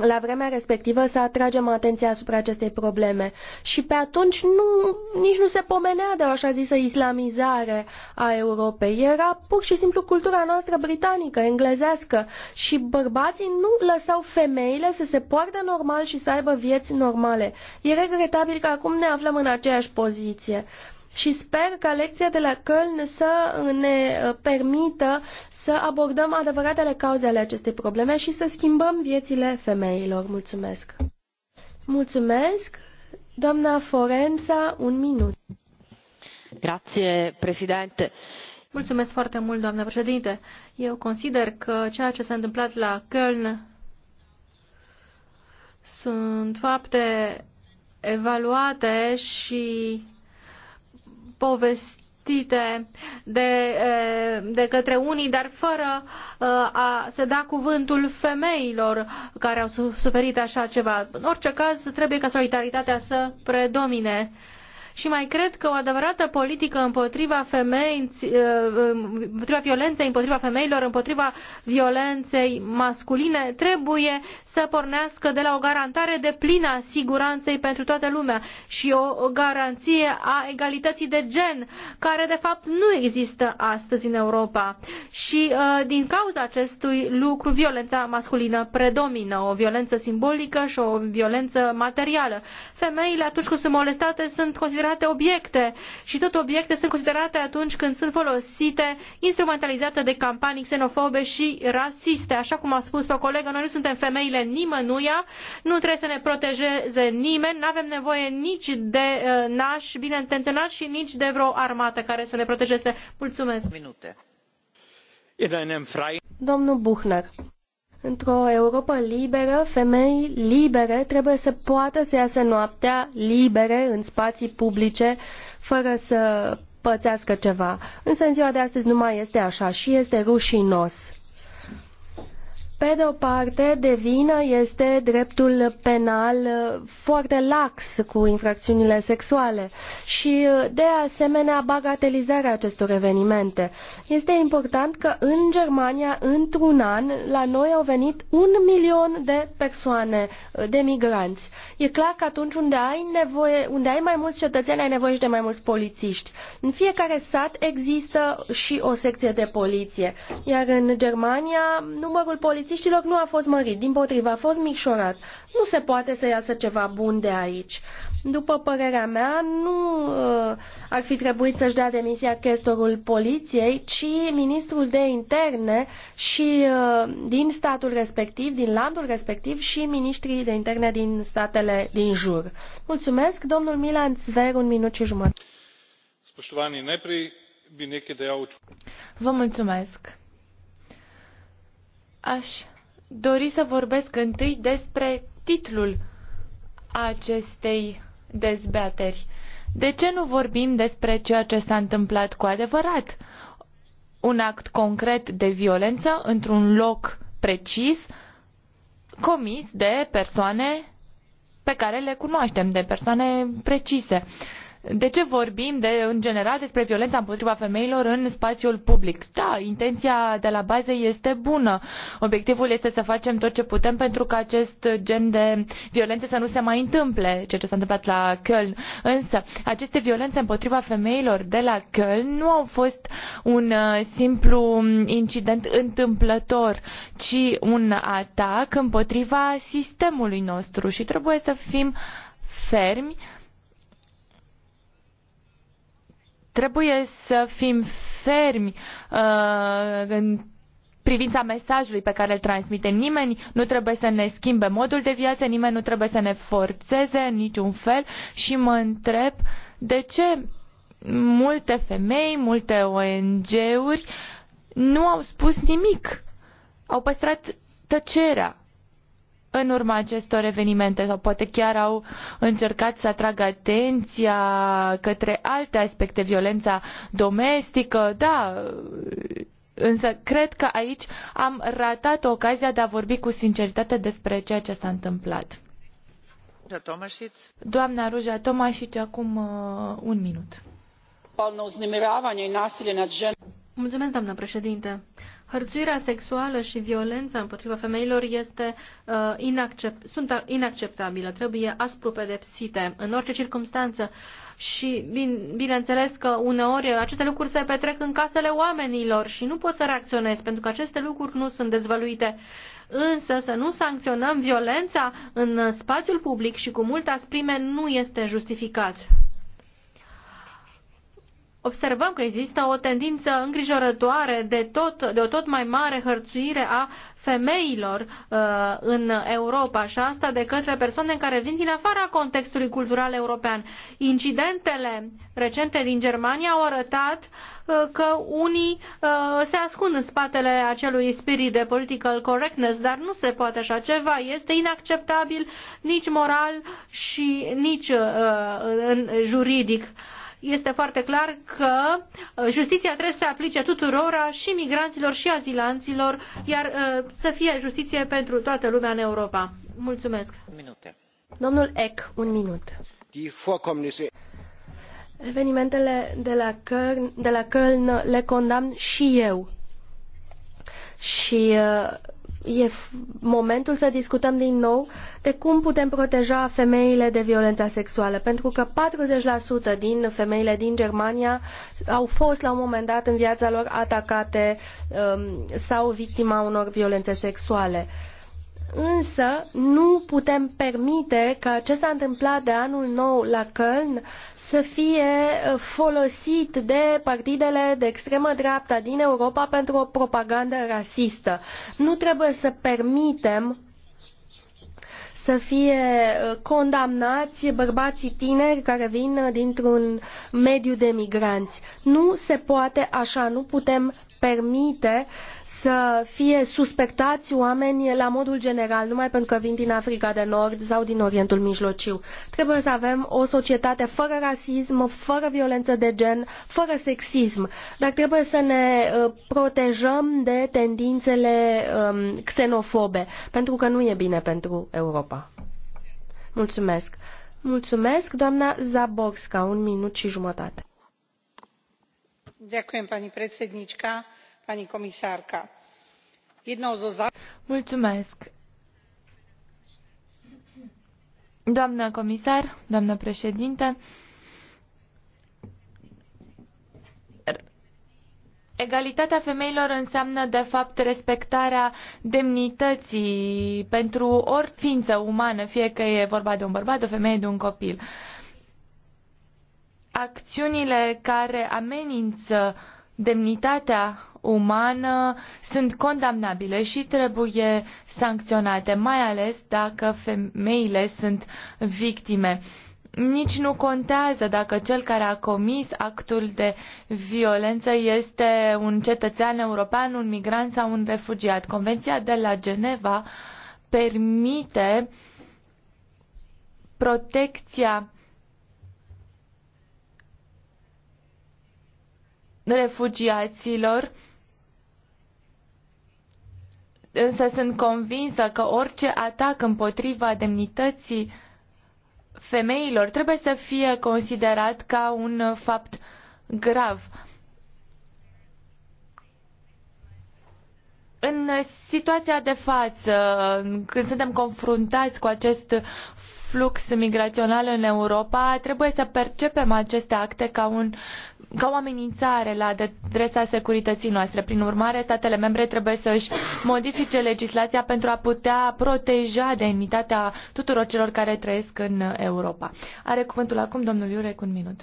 Speaker 5: la vremea respectivă să atragem atenția asupra acestei probleme. Și pe atunci nu, nici nu se pomenea de o așa zisă islamizare a Europei. Era pur și simplu cultura noastră britanică, englezească și bărbații nu lăsau femeile să se poarte normal și să aibă vieți normale. E regretabil că acum ne aflăm în aceeași poziție și sper că lecția de la Köln să ne uh, permită să abordăm adevăratele cauze ale acestei probleme și să schimbăm viețile femeilor. Mulțumesc! Mulțumesc! Doamna Forența, un minut.
Speaker 6: Grazie, președinte. Mulțumesc foarte mult, doamna președinte. Eu consider că ceea ce s-a întâmplat la Köln sunt fapte evaluate și povestite de, de către unii, dar fără a se da cuvântul femeilor care au suferit așa ceva. În orice caz, trebuie ca solidaritatea să predomine și mai cred că o adevărată politică împotriva, femei, împotriva violenței împotriva femeilor, împotriva violenței masculine trebuie să pornească de la o garantare de plină a siguranței pentru toată lumea și o garanție a egalității de gen, care de fapt nu există astăzi în Europa. Și uh, din cauza acestui lucru, violența masculină predomină, o violență simbolică și o violență materială. Femeile, atunci când sunt molestate, sunt considerate obiecte și tot obiecte sunt considerate atunci când sunt folosite, instrumentalizate de campanii xenofobe și rasiste. Așa cum a spus o colegă, noi nu suntem femeile nimănuia, nu trebuie să ne protejeze nimeni, nu avem nevoie nici de uh, nași bineintenționați și nici de vreo armată care să ne protejeze. Mulțumesc! Minute.
Speaker 5: Domnul Buchner, într-o Europa liberă, femei libere trebuie să poată să iasă noaptea libere în spații publice, fără să pățească ceva. Însă în ziua de astăzi nu mai este așa și este rușinos. Pe de o parte, de vină este dreptul penal foarte lax cu infracțiunile sexuale și, de asemenea, bagatelizarea acestor evenimente. Este important că în Germania, într-un an, la noi au venit un milion de persoane, de migranți. E clar că atunci unde ai, nevoie, unde ai mai mulți cetățeni, ai nevoie și de mai mulți polițiști. În fiecare sat există și o secție de poliție, iar în Germania numărul polițiștilor nu a fost mărit, din potriva a fost micșorat. Nu se poate să iasă ceva bun de aici. După părerea mea, nu uh, ar fi trebuit să-și dea demisia chestorul poliției, ci ministrul de interne și uh, din statul respectiv, din landul respectiv și ministrii de interne din statele din jur. Mulțumesc, domnul Milan Zver, un minut și jumătate.
Speaker 4: Vă mulțumesc. Aș dori să vorbesc întâi despre titlul acestei dezbateri. De ce nu vorbim despre ceea ce s-a întâmplat cu adevărat? Un act concret de violență într-un loc precis comis de persoane pe care le cunoaștem, de persoane precise. Uh, de ce vorbim de, în general despre violența împotriva femeilor în spațiul public? Da, intenția de la bază este bună. Obiectivul este să facem tot ce putem pentru ca acest gen de violențe să nu se mai întâmple, ceea ce s-a întâmplat la Köln. Însă, aceste violențe împotriva femeilor de la Köln nu au fost un uh, simplu incident întâmplător, ci un atac împotriva sistemului nostru și trebuie să fim fermi Trebuie să fim fermi uh, în privința mesajului pe care îl transmite. Nimeni nu trebuie să ne schimbe modul de viață, nimeni nu trebuie să ne forțeze în niciun fel și mă întreb de ce multe femei, multe ONG-uri nu au spus nimic. Au păstrat tăcerea în urma acestor evenimente sau poate chiar au încercat să atragă atenția către alte aspecte, violența domestică, da, însă cred că aici am ratat ocazia de a vorbi cu sinceritate despre ceea ce s-a întâmplat. Doamna Ruja Tomașici, acum uh, un minut. Mulțumesc, doamnă președinte.
Speaker 6: Hărțuirea sexuală și violența împotriva femeilor este, uh, inaccept, sunt inacceptabile, trebuie aspru pedepsite în orice circunstanță și bine, bineînțeles că uneori aceste lucruri se petrec în casele oamenilor și nu pot să reacționez pentru că aceste lucruri nu sunt dezvăluite. Însă să nu sancționăm violența în spațiul public și cu multă asprime nu este justificat observăm că există o tendință îngrijorătoare de, tot, de o tot mai mare hărțuire a femeilor uh, în Europa și asta de către persoane care vin din afara contextului cultural european. Incidentele recente din Germania au arătat uh, că unii uh, se ascund în spatele acelui spirit de political correctness, dar nu se poate așa ceva. Este inacceptabil nici moral și nici uh, juridic. Uh, este foarte clar că uh, justiția trebuie să se aplice tuturora și migranților și azilanților, iar uh, să fie justiție pentru toată lumea în Europa. Mulțumesc.
Speaker 1: Minute.
Speaker 5: Domnul Eck, un minut. Evenimentele de la, Köln, de la Köln le condamn și eu. Și uh, e momentul să discutăm din nou de cum putem proteja femeile de violența sexuală, pentru că 40% din femeile din Germania au fost la un moment dat în viața lor atacate um, sau victima unor violențe sexuale. Uh, Însă nu putem permite ca ce s-a întâmplat de anul nou la Köln să fie uh, folosit de partidele de extremă dreapta din Europa pentru o propagandă rasistă. Nu trebuie să permitem să fie uh, condamnați bărbații tineri care vin uh, dintr-un mediu de migranți. Nu se poate așa, nu putem permite uh, să fie suspectați oameni la modul general, numai pentru că vin din Africa de Nord sau din Orientul Mijlociu. Trebuie să avem o societate fără rasism, fără violență de gen, fără sexism, dar trebuie să ne uh, protejăm de tendințele um, xenofobe, pentru că nu e bine pentru Europa. Mulțumesc. Mulțumesc, doamna Zaborska, un minut și jumătate.
Speaker 1: Ďakujem, pani predsednička
Speaker 4: doamnă comisar doamnă președintă egalitatea femeilor înseamnă de fapt respectarea demnității pentru ori ființă umană, fie că e vorba de un bărbat, de o femeie, de un copil. Acțiunile care amenință uh, demnitatea umană sunt condamnabile și trebuie sancționate, mai ales dacă femeile sunt victime. Nici nu contează dacă cel care a comis actul de violență este un cetățean european, un migrant sau un refugiat. Convenția de la Geneva permite protecția refugiaților, însă sunt convinsă că orice atac împotriva demnității femeilor trebuie să fie considerat ca un fapt grav. În situația de față, când suntem confruntați cu acest flux migrațional în Europa, trebuie să percepem aceste acte ca un ca o amenințare la adresa securității noastre. Prin urmare, statele membre trebuie să-și modifice legislația pentru a putea proteja demnitatea tuturor celor care trăiesc în Europa. Are cuvântul acum domnul Iurec un minut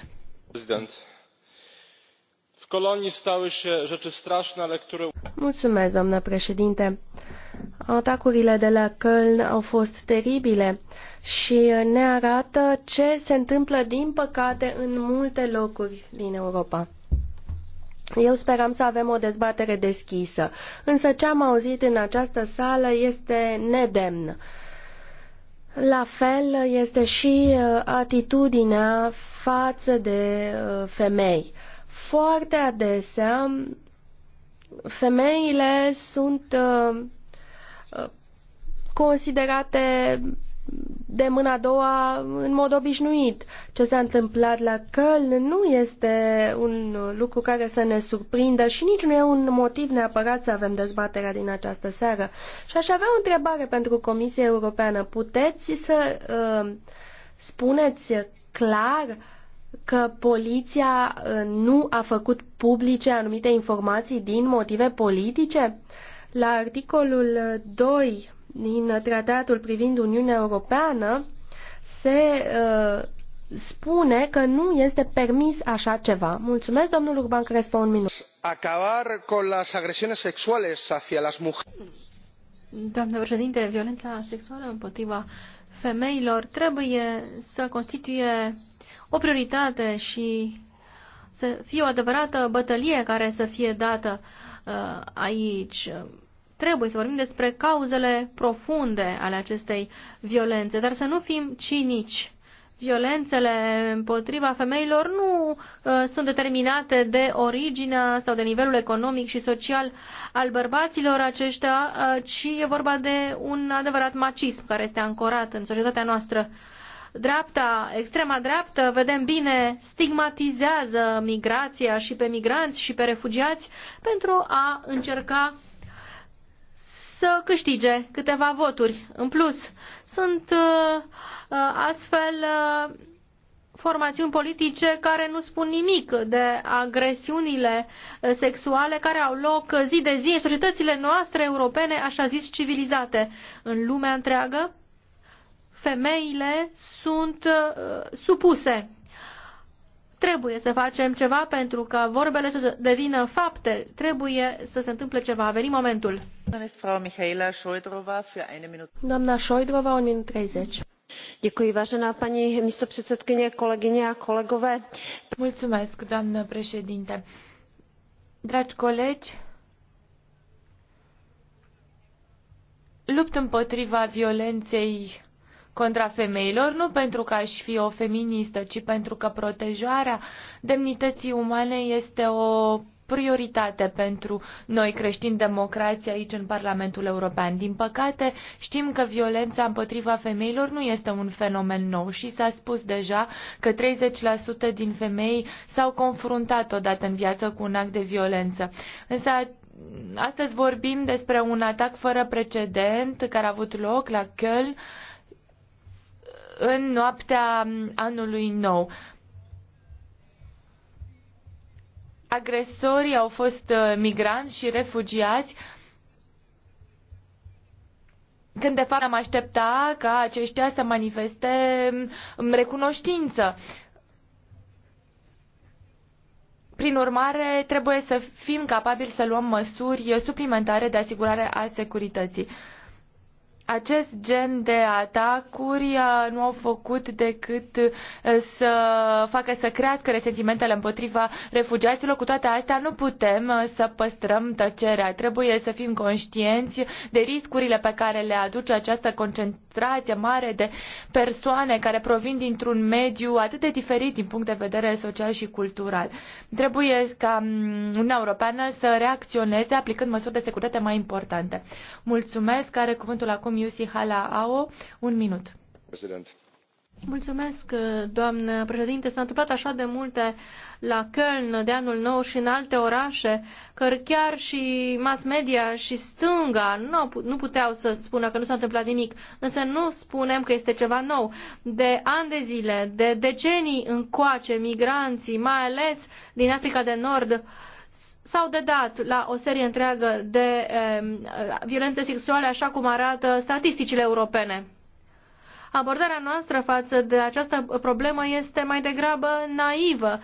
Speaker 3: kolonii stały się rzeczy straszne, ale które...
Speaker 4: Mulțumesc,
Speaker 5: doamnă președinte. Atacurile de la Köln au fost teribile și ne arată ce se întâmplă, din păcate, în multe locuri din Europa. Eu speram să avem o dezbatere deschisă, însă ce am auzit în această sală este nedemn. La fel este și uh, atitudinea față de uh, femei. Foarte adesea, femeile sunt uh, uh, considerate de mâna a doua în mod obișnuit. Ce s-a întâmplat la Căl nu este un lucru care să ne surprindă și nici nu e un motiv neapărat să avem dezbaterea din această seară. Și aș avea o întrebare pentru Comisia Europeană. Puteți să uh, spuneți clar uh, că poliția uh, nu a făcut publice anumite informații din motive politice? La articolul 2 din tratatul privind Uniunea Europeană se uh, spune că nu este permis așa ceva. Mulțumesc, domnul Urban Crespo, un minut. Acabar con las agresiones sexuales
Speaker 3: hacia las mujeres.
Speaker 6: Doamne președinte, violența sexuală împotriva femeilor trebuie să constituie o prioritate și să fie o adevărată bătălie care să fie dată uh, aici. Trebuie să vorbim despre cauzele profunde ale acestei violențe, dar să nu fim cinici. Violențele împotriva femeilor nu uh, sunt determinate de originea sau de nivelul economic și social al bărbaților aceștia, uh, ci e vorba de un adevărat macism care este ancorat în societatea noastră. Uh, dreapta, extrema dreaptă, vedem bine, stigmatizează migrația și pe migranți și pe refugiați pentru a încerca să câștige câteva voturi în plus. Sunt uh, uh, astfel uh, formațiuni politice care nu spun nimic de agresiunile sexuale care au loc zi de zi în societățile noastre europene, așa zis civilizate, în lumea întreagă femeile sunt uh, supuse. Trebuie să facem ceva pentru că vorbele să devină fapte. Trebuie să se întâmple ceva. A venit momentul.
Speaker 2: Doamna Șoidrova, un minut 30. Děkuji, vážená paní místopředsedkyně, kolegyně a kolegové. Mulțumesc,
Speaker 4: doamnă președinte. Dragi colegi, lupt împotriva violenței contra femeilor, nu pentru că aș fi o feministă, ci pentru că protejarea demnității umane este o prioritate pentru noi creștini democrați aici în Parlamentul European. Din păcate, știm că violența împotriva femeilor nu este un fenomen nou și s-a spus deja că 30% din femei s-au confruntat odată în viață cu un act de violență. Însă astăzi vorbim despre un atac fără precedent care a avut loc la Köln în noaptea anului nou. Agresorii au fost uh, migranți și refugiați când de fapt am aștepta ca aceștia să manifeste um, recunoștință. Prin urmare, trebuie să fim capabili să luăm măsuri suplimentare de asigurare a securității acest gen de atacuri uh, nu au făcut decât uh, să facă să crească resentimentele împotriva refugiaților. Cu toate astea, nu putem uh, să păstrăm tăcerea. Trebuie să fim conștienți de riscurile pe care le aduce această concentrație mare de persoane care provin dintr-un mediu atât de diferit din punct de vedere social și cultural. Trebuie ca mm, Uniunea Europeană să reacționeze aplicând măsuri de securitate mai importante. Mulțumesc. Are cuvântul acum ao Un minut. President. Mulțumesc, doamnă președinte. S-a întâmplat așa de multe la
Speaker 6: Köln de anul nou și în alte orașe, că chiar și mass media și stânga nu, nu puteau să spună că nu s-a întâmplat nimic, însă nu spunem că este ceva nou. De ani de zile, de decenii încoace, migranții, mai ales din Africa de Nord, uh, s-au dedat la o serie întreagă de violențe sexuale, așa cum arată statisticile europene. Abordarea noastră față de această problemă este mai degrabă naivă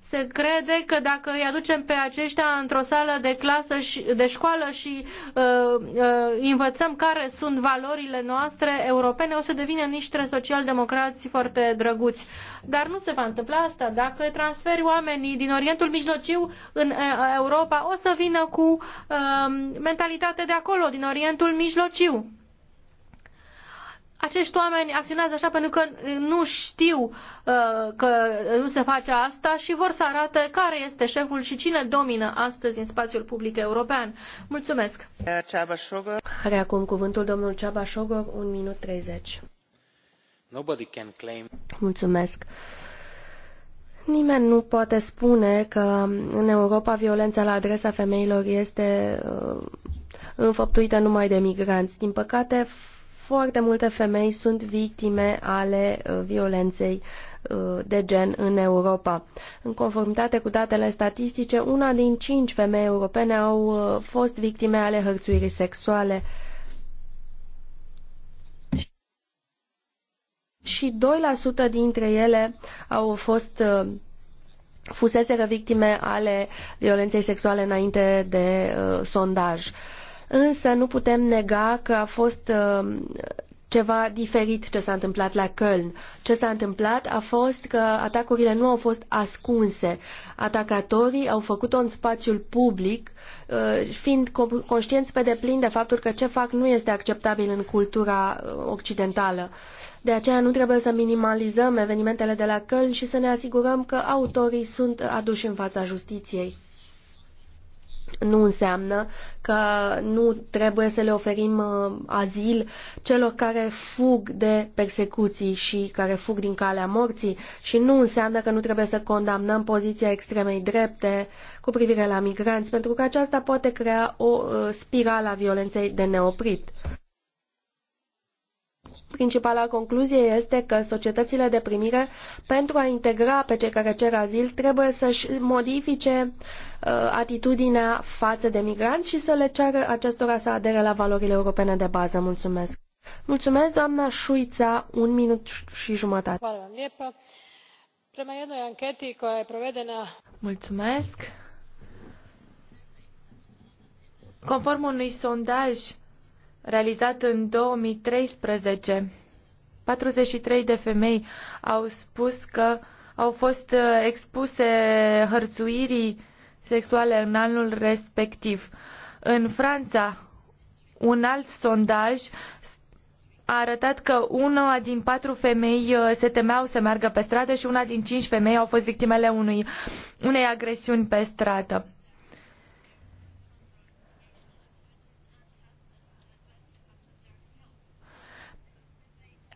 Speaker 6: se crede că dacă îi aducem pe aceștia într-o sală de clasă și, de școală și uh, uh, învățăm care sunt valorile noastre europene, o să devină niște socialdemocrați foarte drăguți. Dar nu se va întâmpla asta. Dacă transferi oamenii din Orientul Mijlociu în uh, Europa, o să vină cu uh, mentalitate de acolo, din Orientul Mijlociu acești oameni acționează așa pentru că nu știu uh, că nu se face asta și vor să arate care este șeful și cine domină astăzi în spațiul public european. Mulțumesc!
Speaker 5: Are acum cuvântul domnul Ceaba Șogor, 1 minut 30.
Speaker 2: Nobody can claim...
Speaker 5: Mulțumesc! Nimeni nu poate spune că în Europa violența la adresa femeilor este uh, înfăptuită numai de migranți. Din păcate, foarte multe femei sunt victime ale uh, violenței uh, de gen în Europa. În conformitate cu datele statistice, una din cinci femei europene au uh, fost victime ale hărțuirii sexuale. Și 2% dintre ele au fost fuseseră victime ale violenței sexuale înainte de uh, sondaj. Uh, însă nu putem nega că a fost uh, ceva diferit ce s-a întâmplat la Köln. Ce s-a întâmplat a fost că atacurile nu au fost ascunse. Atacatorii au făcut-o în spațiul public, uh, fiind conștienți pe deplin de faptul că ce fac nu este acceptabil în cultura uh, occidentală. De aceea nu trebuie să minimalizăm evenimentele de la Köln și să ne asigurăm că autorii sunt aduși în fața justiției nu înseamnă că nu trebuie să le oferim uh, azil celor care fug de persecuții și care fug din calea morții și nu înseamnă că nu trebuie să condamnăm poziția extremei drepte cu privire la migranți, pentru că aceasta poate crea o uh, spirală a violenței de neoprit. Principala concluzie este că societățile de primire, pentru a integra pe cei care cer azil, trebuie să-și modifice uh, atitudinea față de migranți și să le ceară acestora să adere la valorile europene de bază. Mulțumesc! Mulțumesc, doamna Șuița, un minut
Speaker 4: și jumătate. Mulțumesc! Conform unui sondaj realizat în 2013, 43 de femei au spus că au fost uh, expuse hărțuirii sexuale în anul respectiv. În Franța, un alt sondaj a arătat că una din patru femei uh, se temeau să meargă pe stradă și una din cinci femei au fost victimele unui, unei agresiuni pe stradă.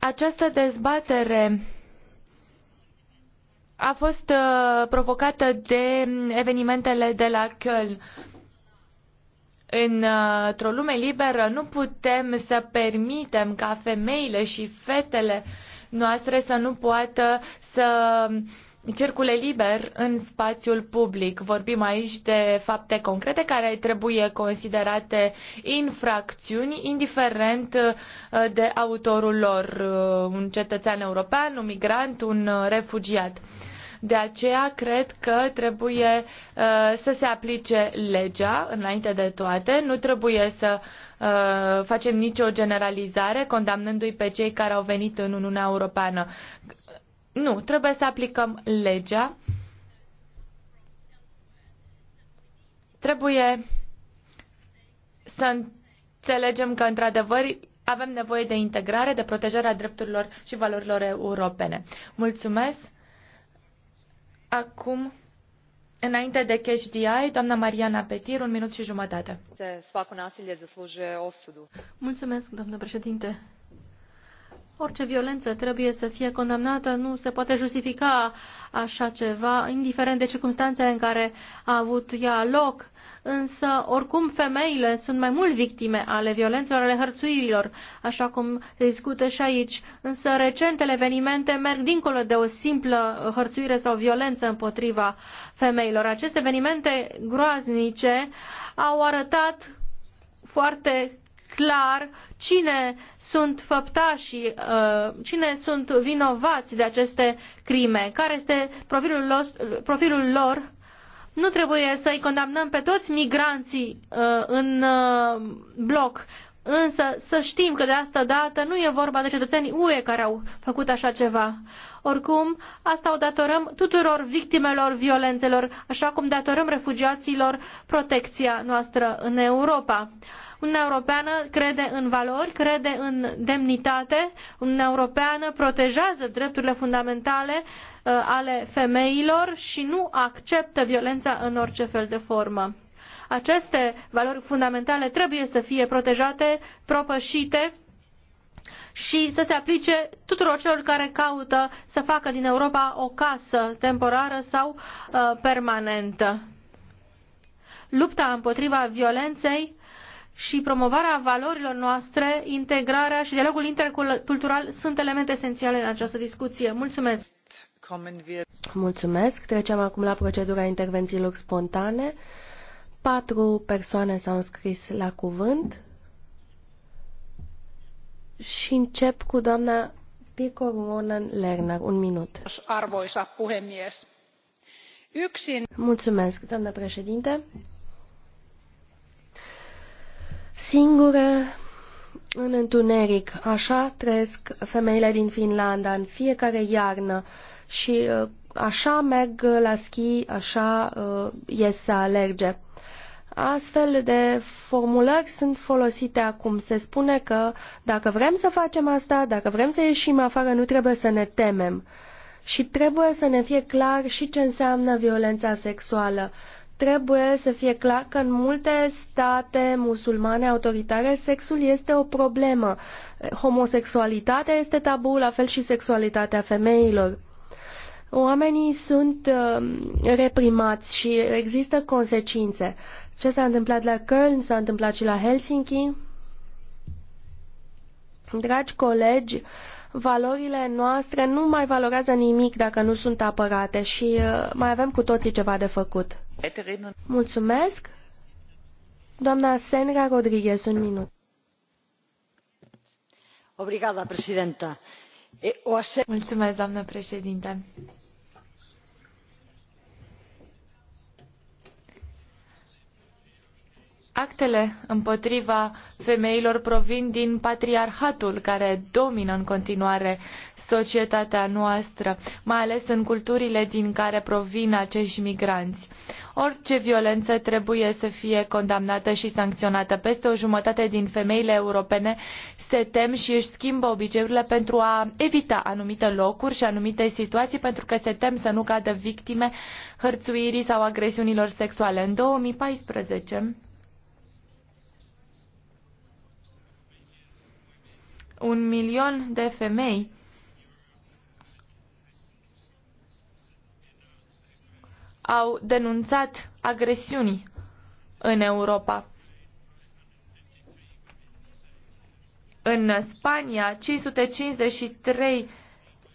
Speaker 4: Această dezbatere a fost uh, provocată de evenimentele de la Köln. Într-o lume liberă nu putem să permitem ca femeile și fetele noastre să nu poată să uh, Circul liber în spațiul public. Vorbim aici de fapte concrete care trebuie considerate infracțiuni, indiferent uh, de autorul lor, uh, un cetățean european, un migrant, un uh, refugiat. De aceea cred că trebuie uh, să se aplice legea înainte de toate, nu trebuie să uh, facem nicio generalizare condamnându-i pe cei care au venit în Uniunea Europeană. Nu, trebuie să aplicăm legea. Trebuie să înțelegem că, într-adevăr, avem nevoie de integrare, de protejarea drepturilor și valorilor europene. Mulțumesc. Acum, înainte de Cash DI, doamna Mariana Petir, un minut și jumătate. Mulțumesc, doamnă președinte. Orice violență
Speaker 6: trebuie să fie condamnată, nu se poate justifica așa ceva, indiferent de circunstanțe în care a avut ea loc. Însă, oricum, femeile sunt mai mult victime ale violențelor, ale hărțuirilor, așa cum se discută și aici. Însă, recentele evenimente merg dincolo de o simplă hărțuire sau violență împotriva femeilor. Aceste evenimente groaznice au arătat foarte clar cine sunt făptașii, uh, cine sunt vinovați de aceste crime, care este profilul lor, profilul lor nu trebuie să-i condamnăm pe toți migranții uh, în uh, bloc, însă să știm că de asta dată nu e vorba de cetățenii UE care au făcut așa ceva. Oricum, asta o datorăm tuturor victimelor violențelor, așa cum datorăm refugiaților protecția noastră în Europa. Uniunea Europeană crede în valori, crede în demnitate, Uniunea Europeană protejează drepturile fundamentale uh, ale femeilor și nu acceptă violența în orice fel de formă. Aceste valori fundamentale trebuie să fie protejate, propășite și să se aplice tuturor celor care caută să facă din Europa o casă temporară sau uh, permanentă. Lupta împotriva violenței și promovarea valorilor noastre, integrarea și dialogul intercultural sunt elemente esențiale în această discuție. Mulțumesc!
Speaker 5: Mulțumesc! Trecem acum la procedura intervențiilor spontane. Patru persoane s-au înscris la cuvânt și încep cu doamna Pico Ruonen Lerner. Un minut.
Speaker 1: Arvoisa puhemies. Yksin...
Speaker 5: Mulțumesc, doamnă președinte singure în întuneric. Așa trăiesc femeile din Finlanda în fiecare iarnă și uh, așa merg la schi, așa uh, ies să alerge. Astfel de formulări sunt folosite acum. Se spune că dacă vrem să facem asta, dacă vrem să ieșim afară, nu trebuie să ne temem. Și trebuie să ne fie clar și ce înseamnă violența sexuală. Trebuie să fie clar că în multe state musulmane autoritare sexul este o problemă. Homosexualitatea este tabu, la fel și sexualitatea femeilor. Oamenii sunt uh, reprimați și există consecințe. Ce s-a întâmplat la Köln, s-a întâmplat și la Helsinki. Dragi colegi, valorile noastre nu mai valorează nimic dacă nu sunt apărate și uh, mai avem cu toții ceva de făcut. Mulțumesc. Doamna Senra Rodriguez, un
Speaker 4: minut.
Speaker 1: Obrigada, președintă.
Speaker 4: Mulțumesc, doamnă președinte. actele împotriva femeilor provin din patriarhatul care domină în continuare societatea noastră, mai ales în culturile din care provin acești migranți. Orice violență trebuie să fie condamnată și sancționată. Peste o jumătate din femeile europene se tem și își schimbă obiceiurile pentru a evita anumite locuri și anumite situații pentru că se tem să nu cadă victime hărțuirii sau agresiunilor sexuale. În 2014, un milion de femei au denunțat agresiuni în Europa. În Spania, 553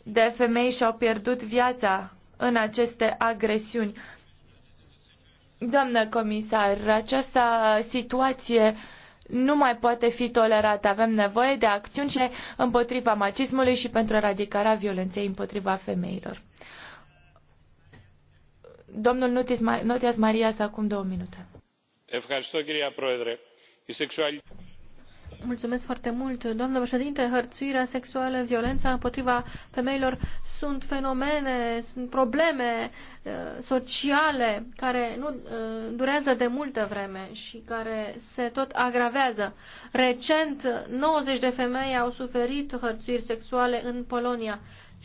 Speaker 4: de femei și-au pierdut viața în aceste agresiuni. Doamnă comisar, această situație nu mai poate fi tolerată. Avem nevoie de acțiuni împotriva macismului și pentru eradicarea violenței împotriva femeilor. Domnul acum două minute.
Speaker 6: foarte mult, președinte. Hărțuirea sexuală, violența împotriva femeilor sunt fenomene, sunt probleme eh, sociale care nu eh, durează de multă vreme și care se tot agravează. Recent, 90 de femei au suferit hărțuiri sexuale în Polonia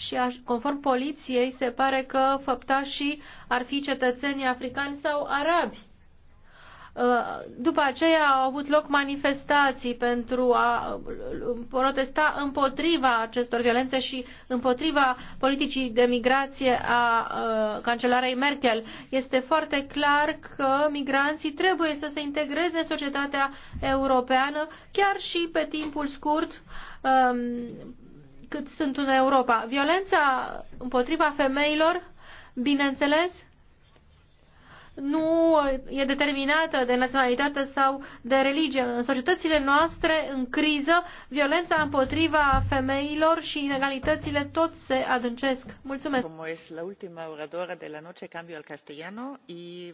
Speaker 6: și conform poliției se pare că făptașii ar fi cetățenii africani sau arabi. Uh, după aceea au avut loc manifestații pentru a uh, protesta împotriva acestor violențe și împotriva politicii de migrație a uh, cancelarei Merkel. Este foarte clar că migranții trebuie să se integreze în societatea europeană, chiar și pe timpul scurt um, cât sunt în Europa. Violența împotriva femeilor, bineînțeles, nu e determinată de naționalitate sau de religie. În societățile noastre, în criză, violența împotriva femeilor și inegalitățile tot se adâncesc. Mulțumesc!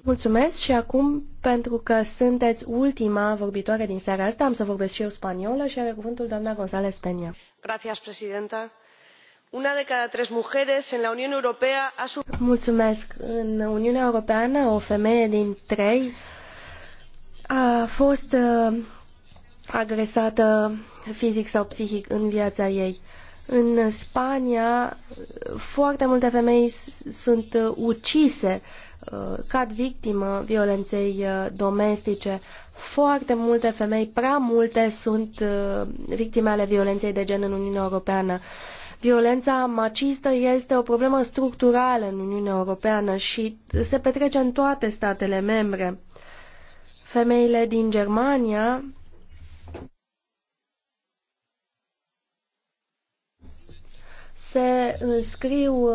Speaker 5: Mulțumesc și acum, pentru că sunteți ultima vorbitoare din seara asta, am să vorbesc și eu spaniolă și are cuvântul doamna González Peña
Speaker 2: señora presidenta
Speaker 5: una de cada tres mujeres en la unión europea ha sufrido en în uniunea europeană o femeie din trei a fost uh, agresată fizic sau psihic în viața ei. În Spania, foarte multe femei sunt uh, ucise uh, Uh, cad victimă violenței uh, domestice. Foarte multe femei, prea multe, sunt uh, victime ale violenței de gen în Uniunea Europeană. Violența macistă este o problemă structurală în Uniunea Europeană și se petrece în toate statele membre. Femeile din Germania se înscriu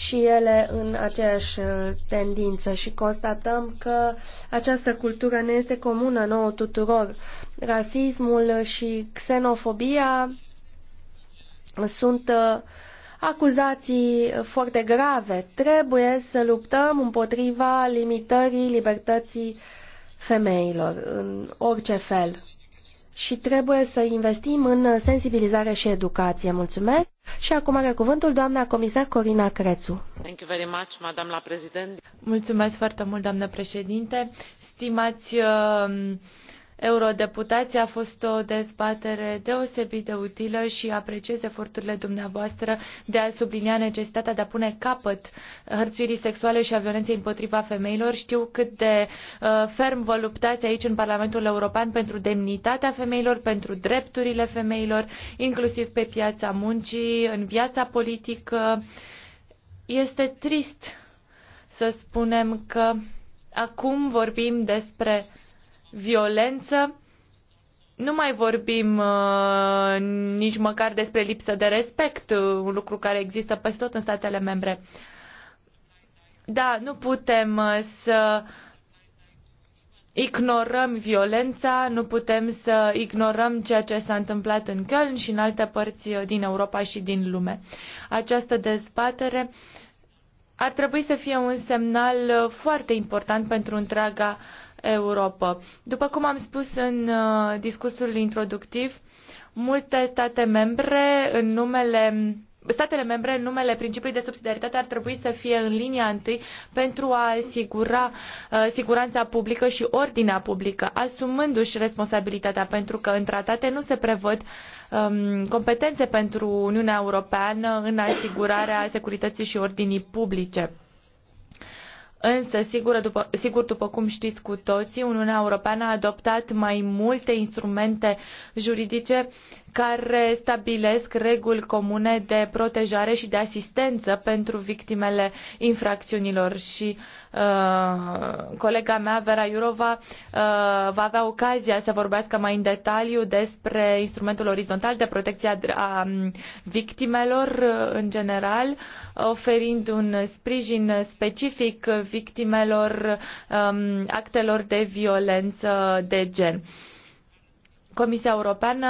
Speaker 5: și ele în aceeași uh, tendință și constatăm că această cultură ne este comună nouă tuturor. Rasismul și xenofobia sunt uh, acuzații foarte grave. Trebuie să luptăm împotriva limitării libertății femeilor în orice fel. Și trebuie să investim în sensibilizare și educație. Mulțumesc! Și acum are
Speaker 4: cuvântul doamna comisar Corina Crețu.
Speaker 2: Thank you very much, madame la
Speaker 4: Mulțumesc foarte mult, doamnă președinte. Stimați uh, eurodeputații. A fost o dezbatere deosebit de utilă și apreciez eforturile dumneavoastră de a sublinia necesitatea de a pune capăt hărțuirii sexuale și a violenței împotriva femeilor. Știu cât de uh, ferm vă luptați aici în Parlamentul European pentru demnitatea femeilor, pentru drepturile femeilor, inclusiv pe piața muncii, în viața politică. Este trist să spunem că acum vorbim despre violență, nu mai vorbim uh, nici măcar despre lipsă de respect, uh, un lucru care există peste tot în statele membre. Da, nu putem uh, să ignorăm violența, nu putem să ignorăm ceea ce s-a întâmplat în Köln și în alte părți uh, din Europa și din lume. Această dezbatere ar trebui să fie un semnal foarte important pentru întreaga uh, Europa. După cum am spus în uh, discursul introductiv, multe state membre în numele statele membre în numele principiului de subsidiaritate ar trebui să fie în linia întâi pentru a asigura uh, siguranța publică și ordinea publică, asumându-și responsabilitatea, pentru că în tratate nu se prevăd um, competențe pentru Uniunea Europeană în asigurarea securității și ordinii publice. Însă, sigur după, sigur, după cum știți cu toții, Uniunea Europeană a adoptat mai multe instrumente juridice care stabilesc reguli comune de protejare și de asistență pentru victimele infracțiunilor și uh, colega mea, Vera Iurova, uh, va avea ocazia să vorbească mai în detaliu despre instrumentul orizontal de protecție a um, victimelor uh, în general, oferind un sprijin specific victimelor um, actelor de violență de gen. Comisia Europeană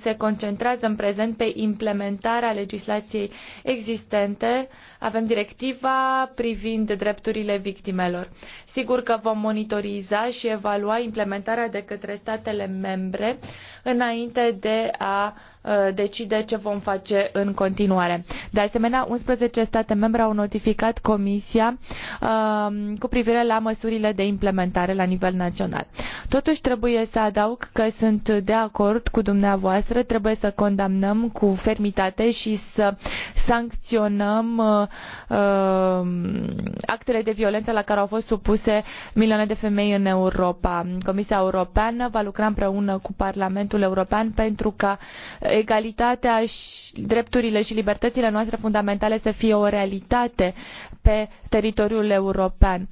Speaker 4: se concentrează în prezent pe implementarea legislației existente. Avem directiva privind drepturile victimelor. Sigur că vom monitoriza și evalua implementarea de către statele membre înainte de a Uh, decide ce vom face în continuare. De asemenea, 11 state membre au notificat Comisia uh, cu privire la măsurile de implementare la nivel național. Totuși, trebuie să adaug că sunt de acord cu dumneavoastră, trebuie să condamnăm cu fermitate și să sancționăm uh, actele de violență la care au fost supuse milioane de femei în Europa. Comisia Europeană va lucra împreună cu Parlamentul European pentru ca egalitatea și drepturile și libertățile noastre fundamentale să fie o realitate pe teritoriul european.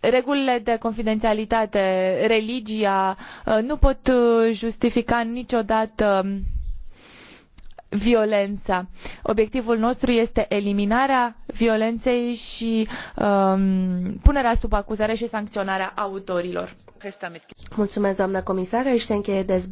Speaker 4: regulile de confidențialitate, religia uh, nu pot uh, justifica niciodată um, violența. Obiectivul nostru este eliminarea violenței și um, punerea sub acuzare și sancționarea autorilor
Speaker 5: doamnă comisar aici se încheie dezbaterea.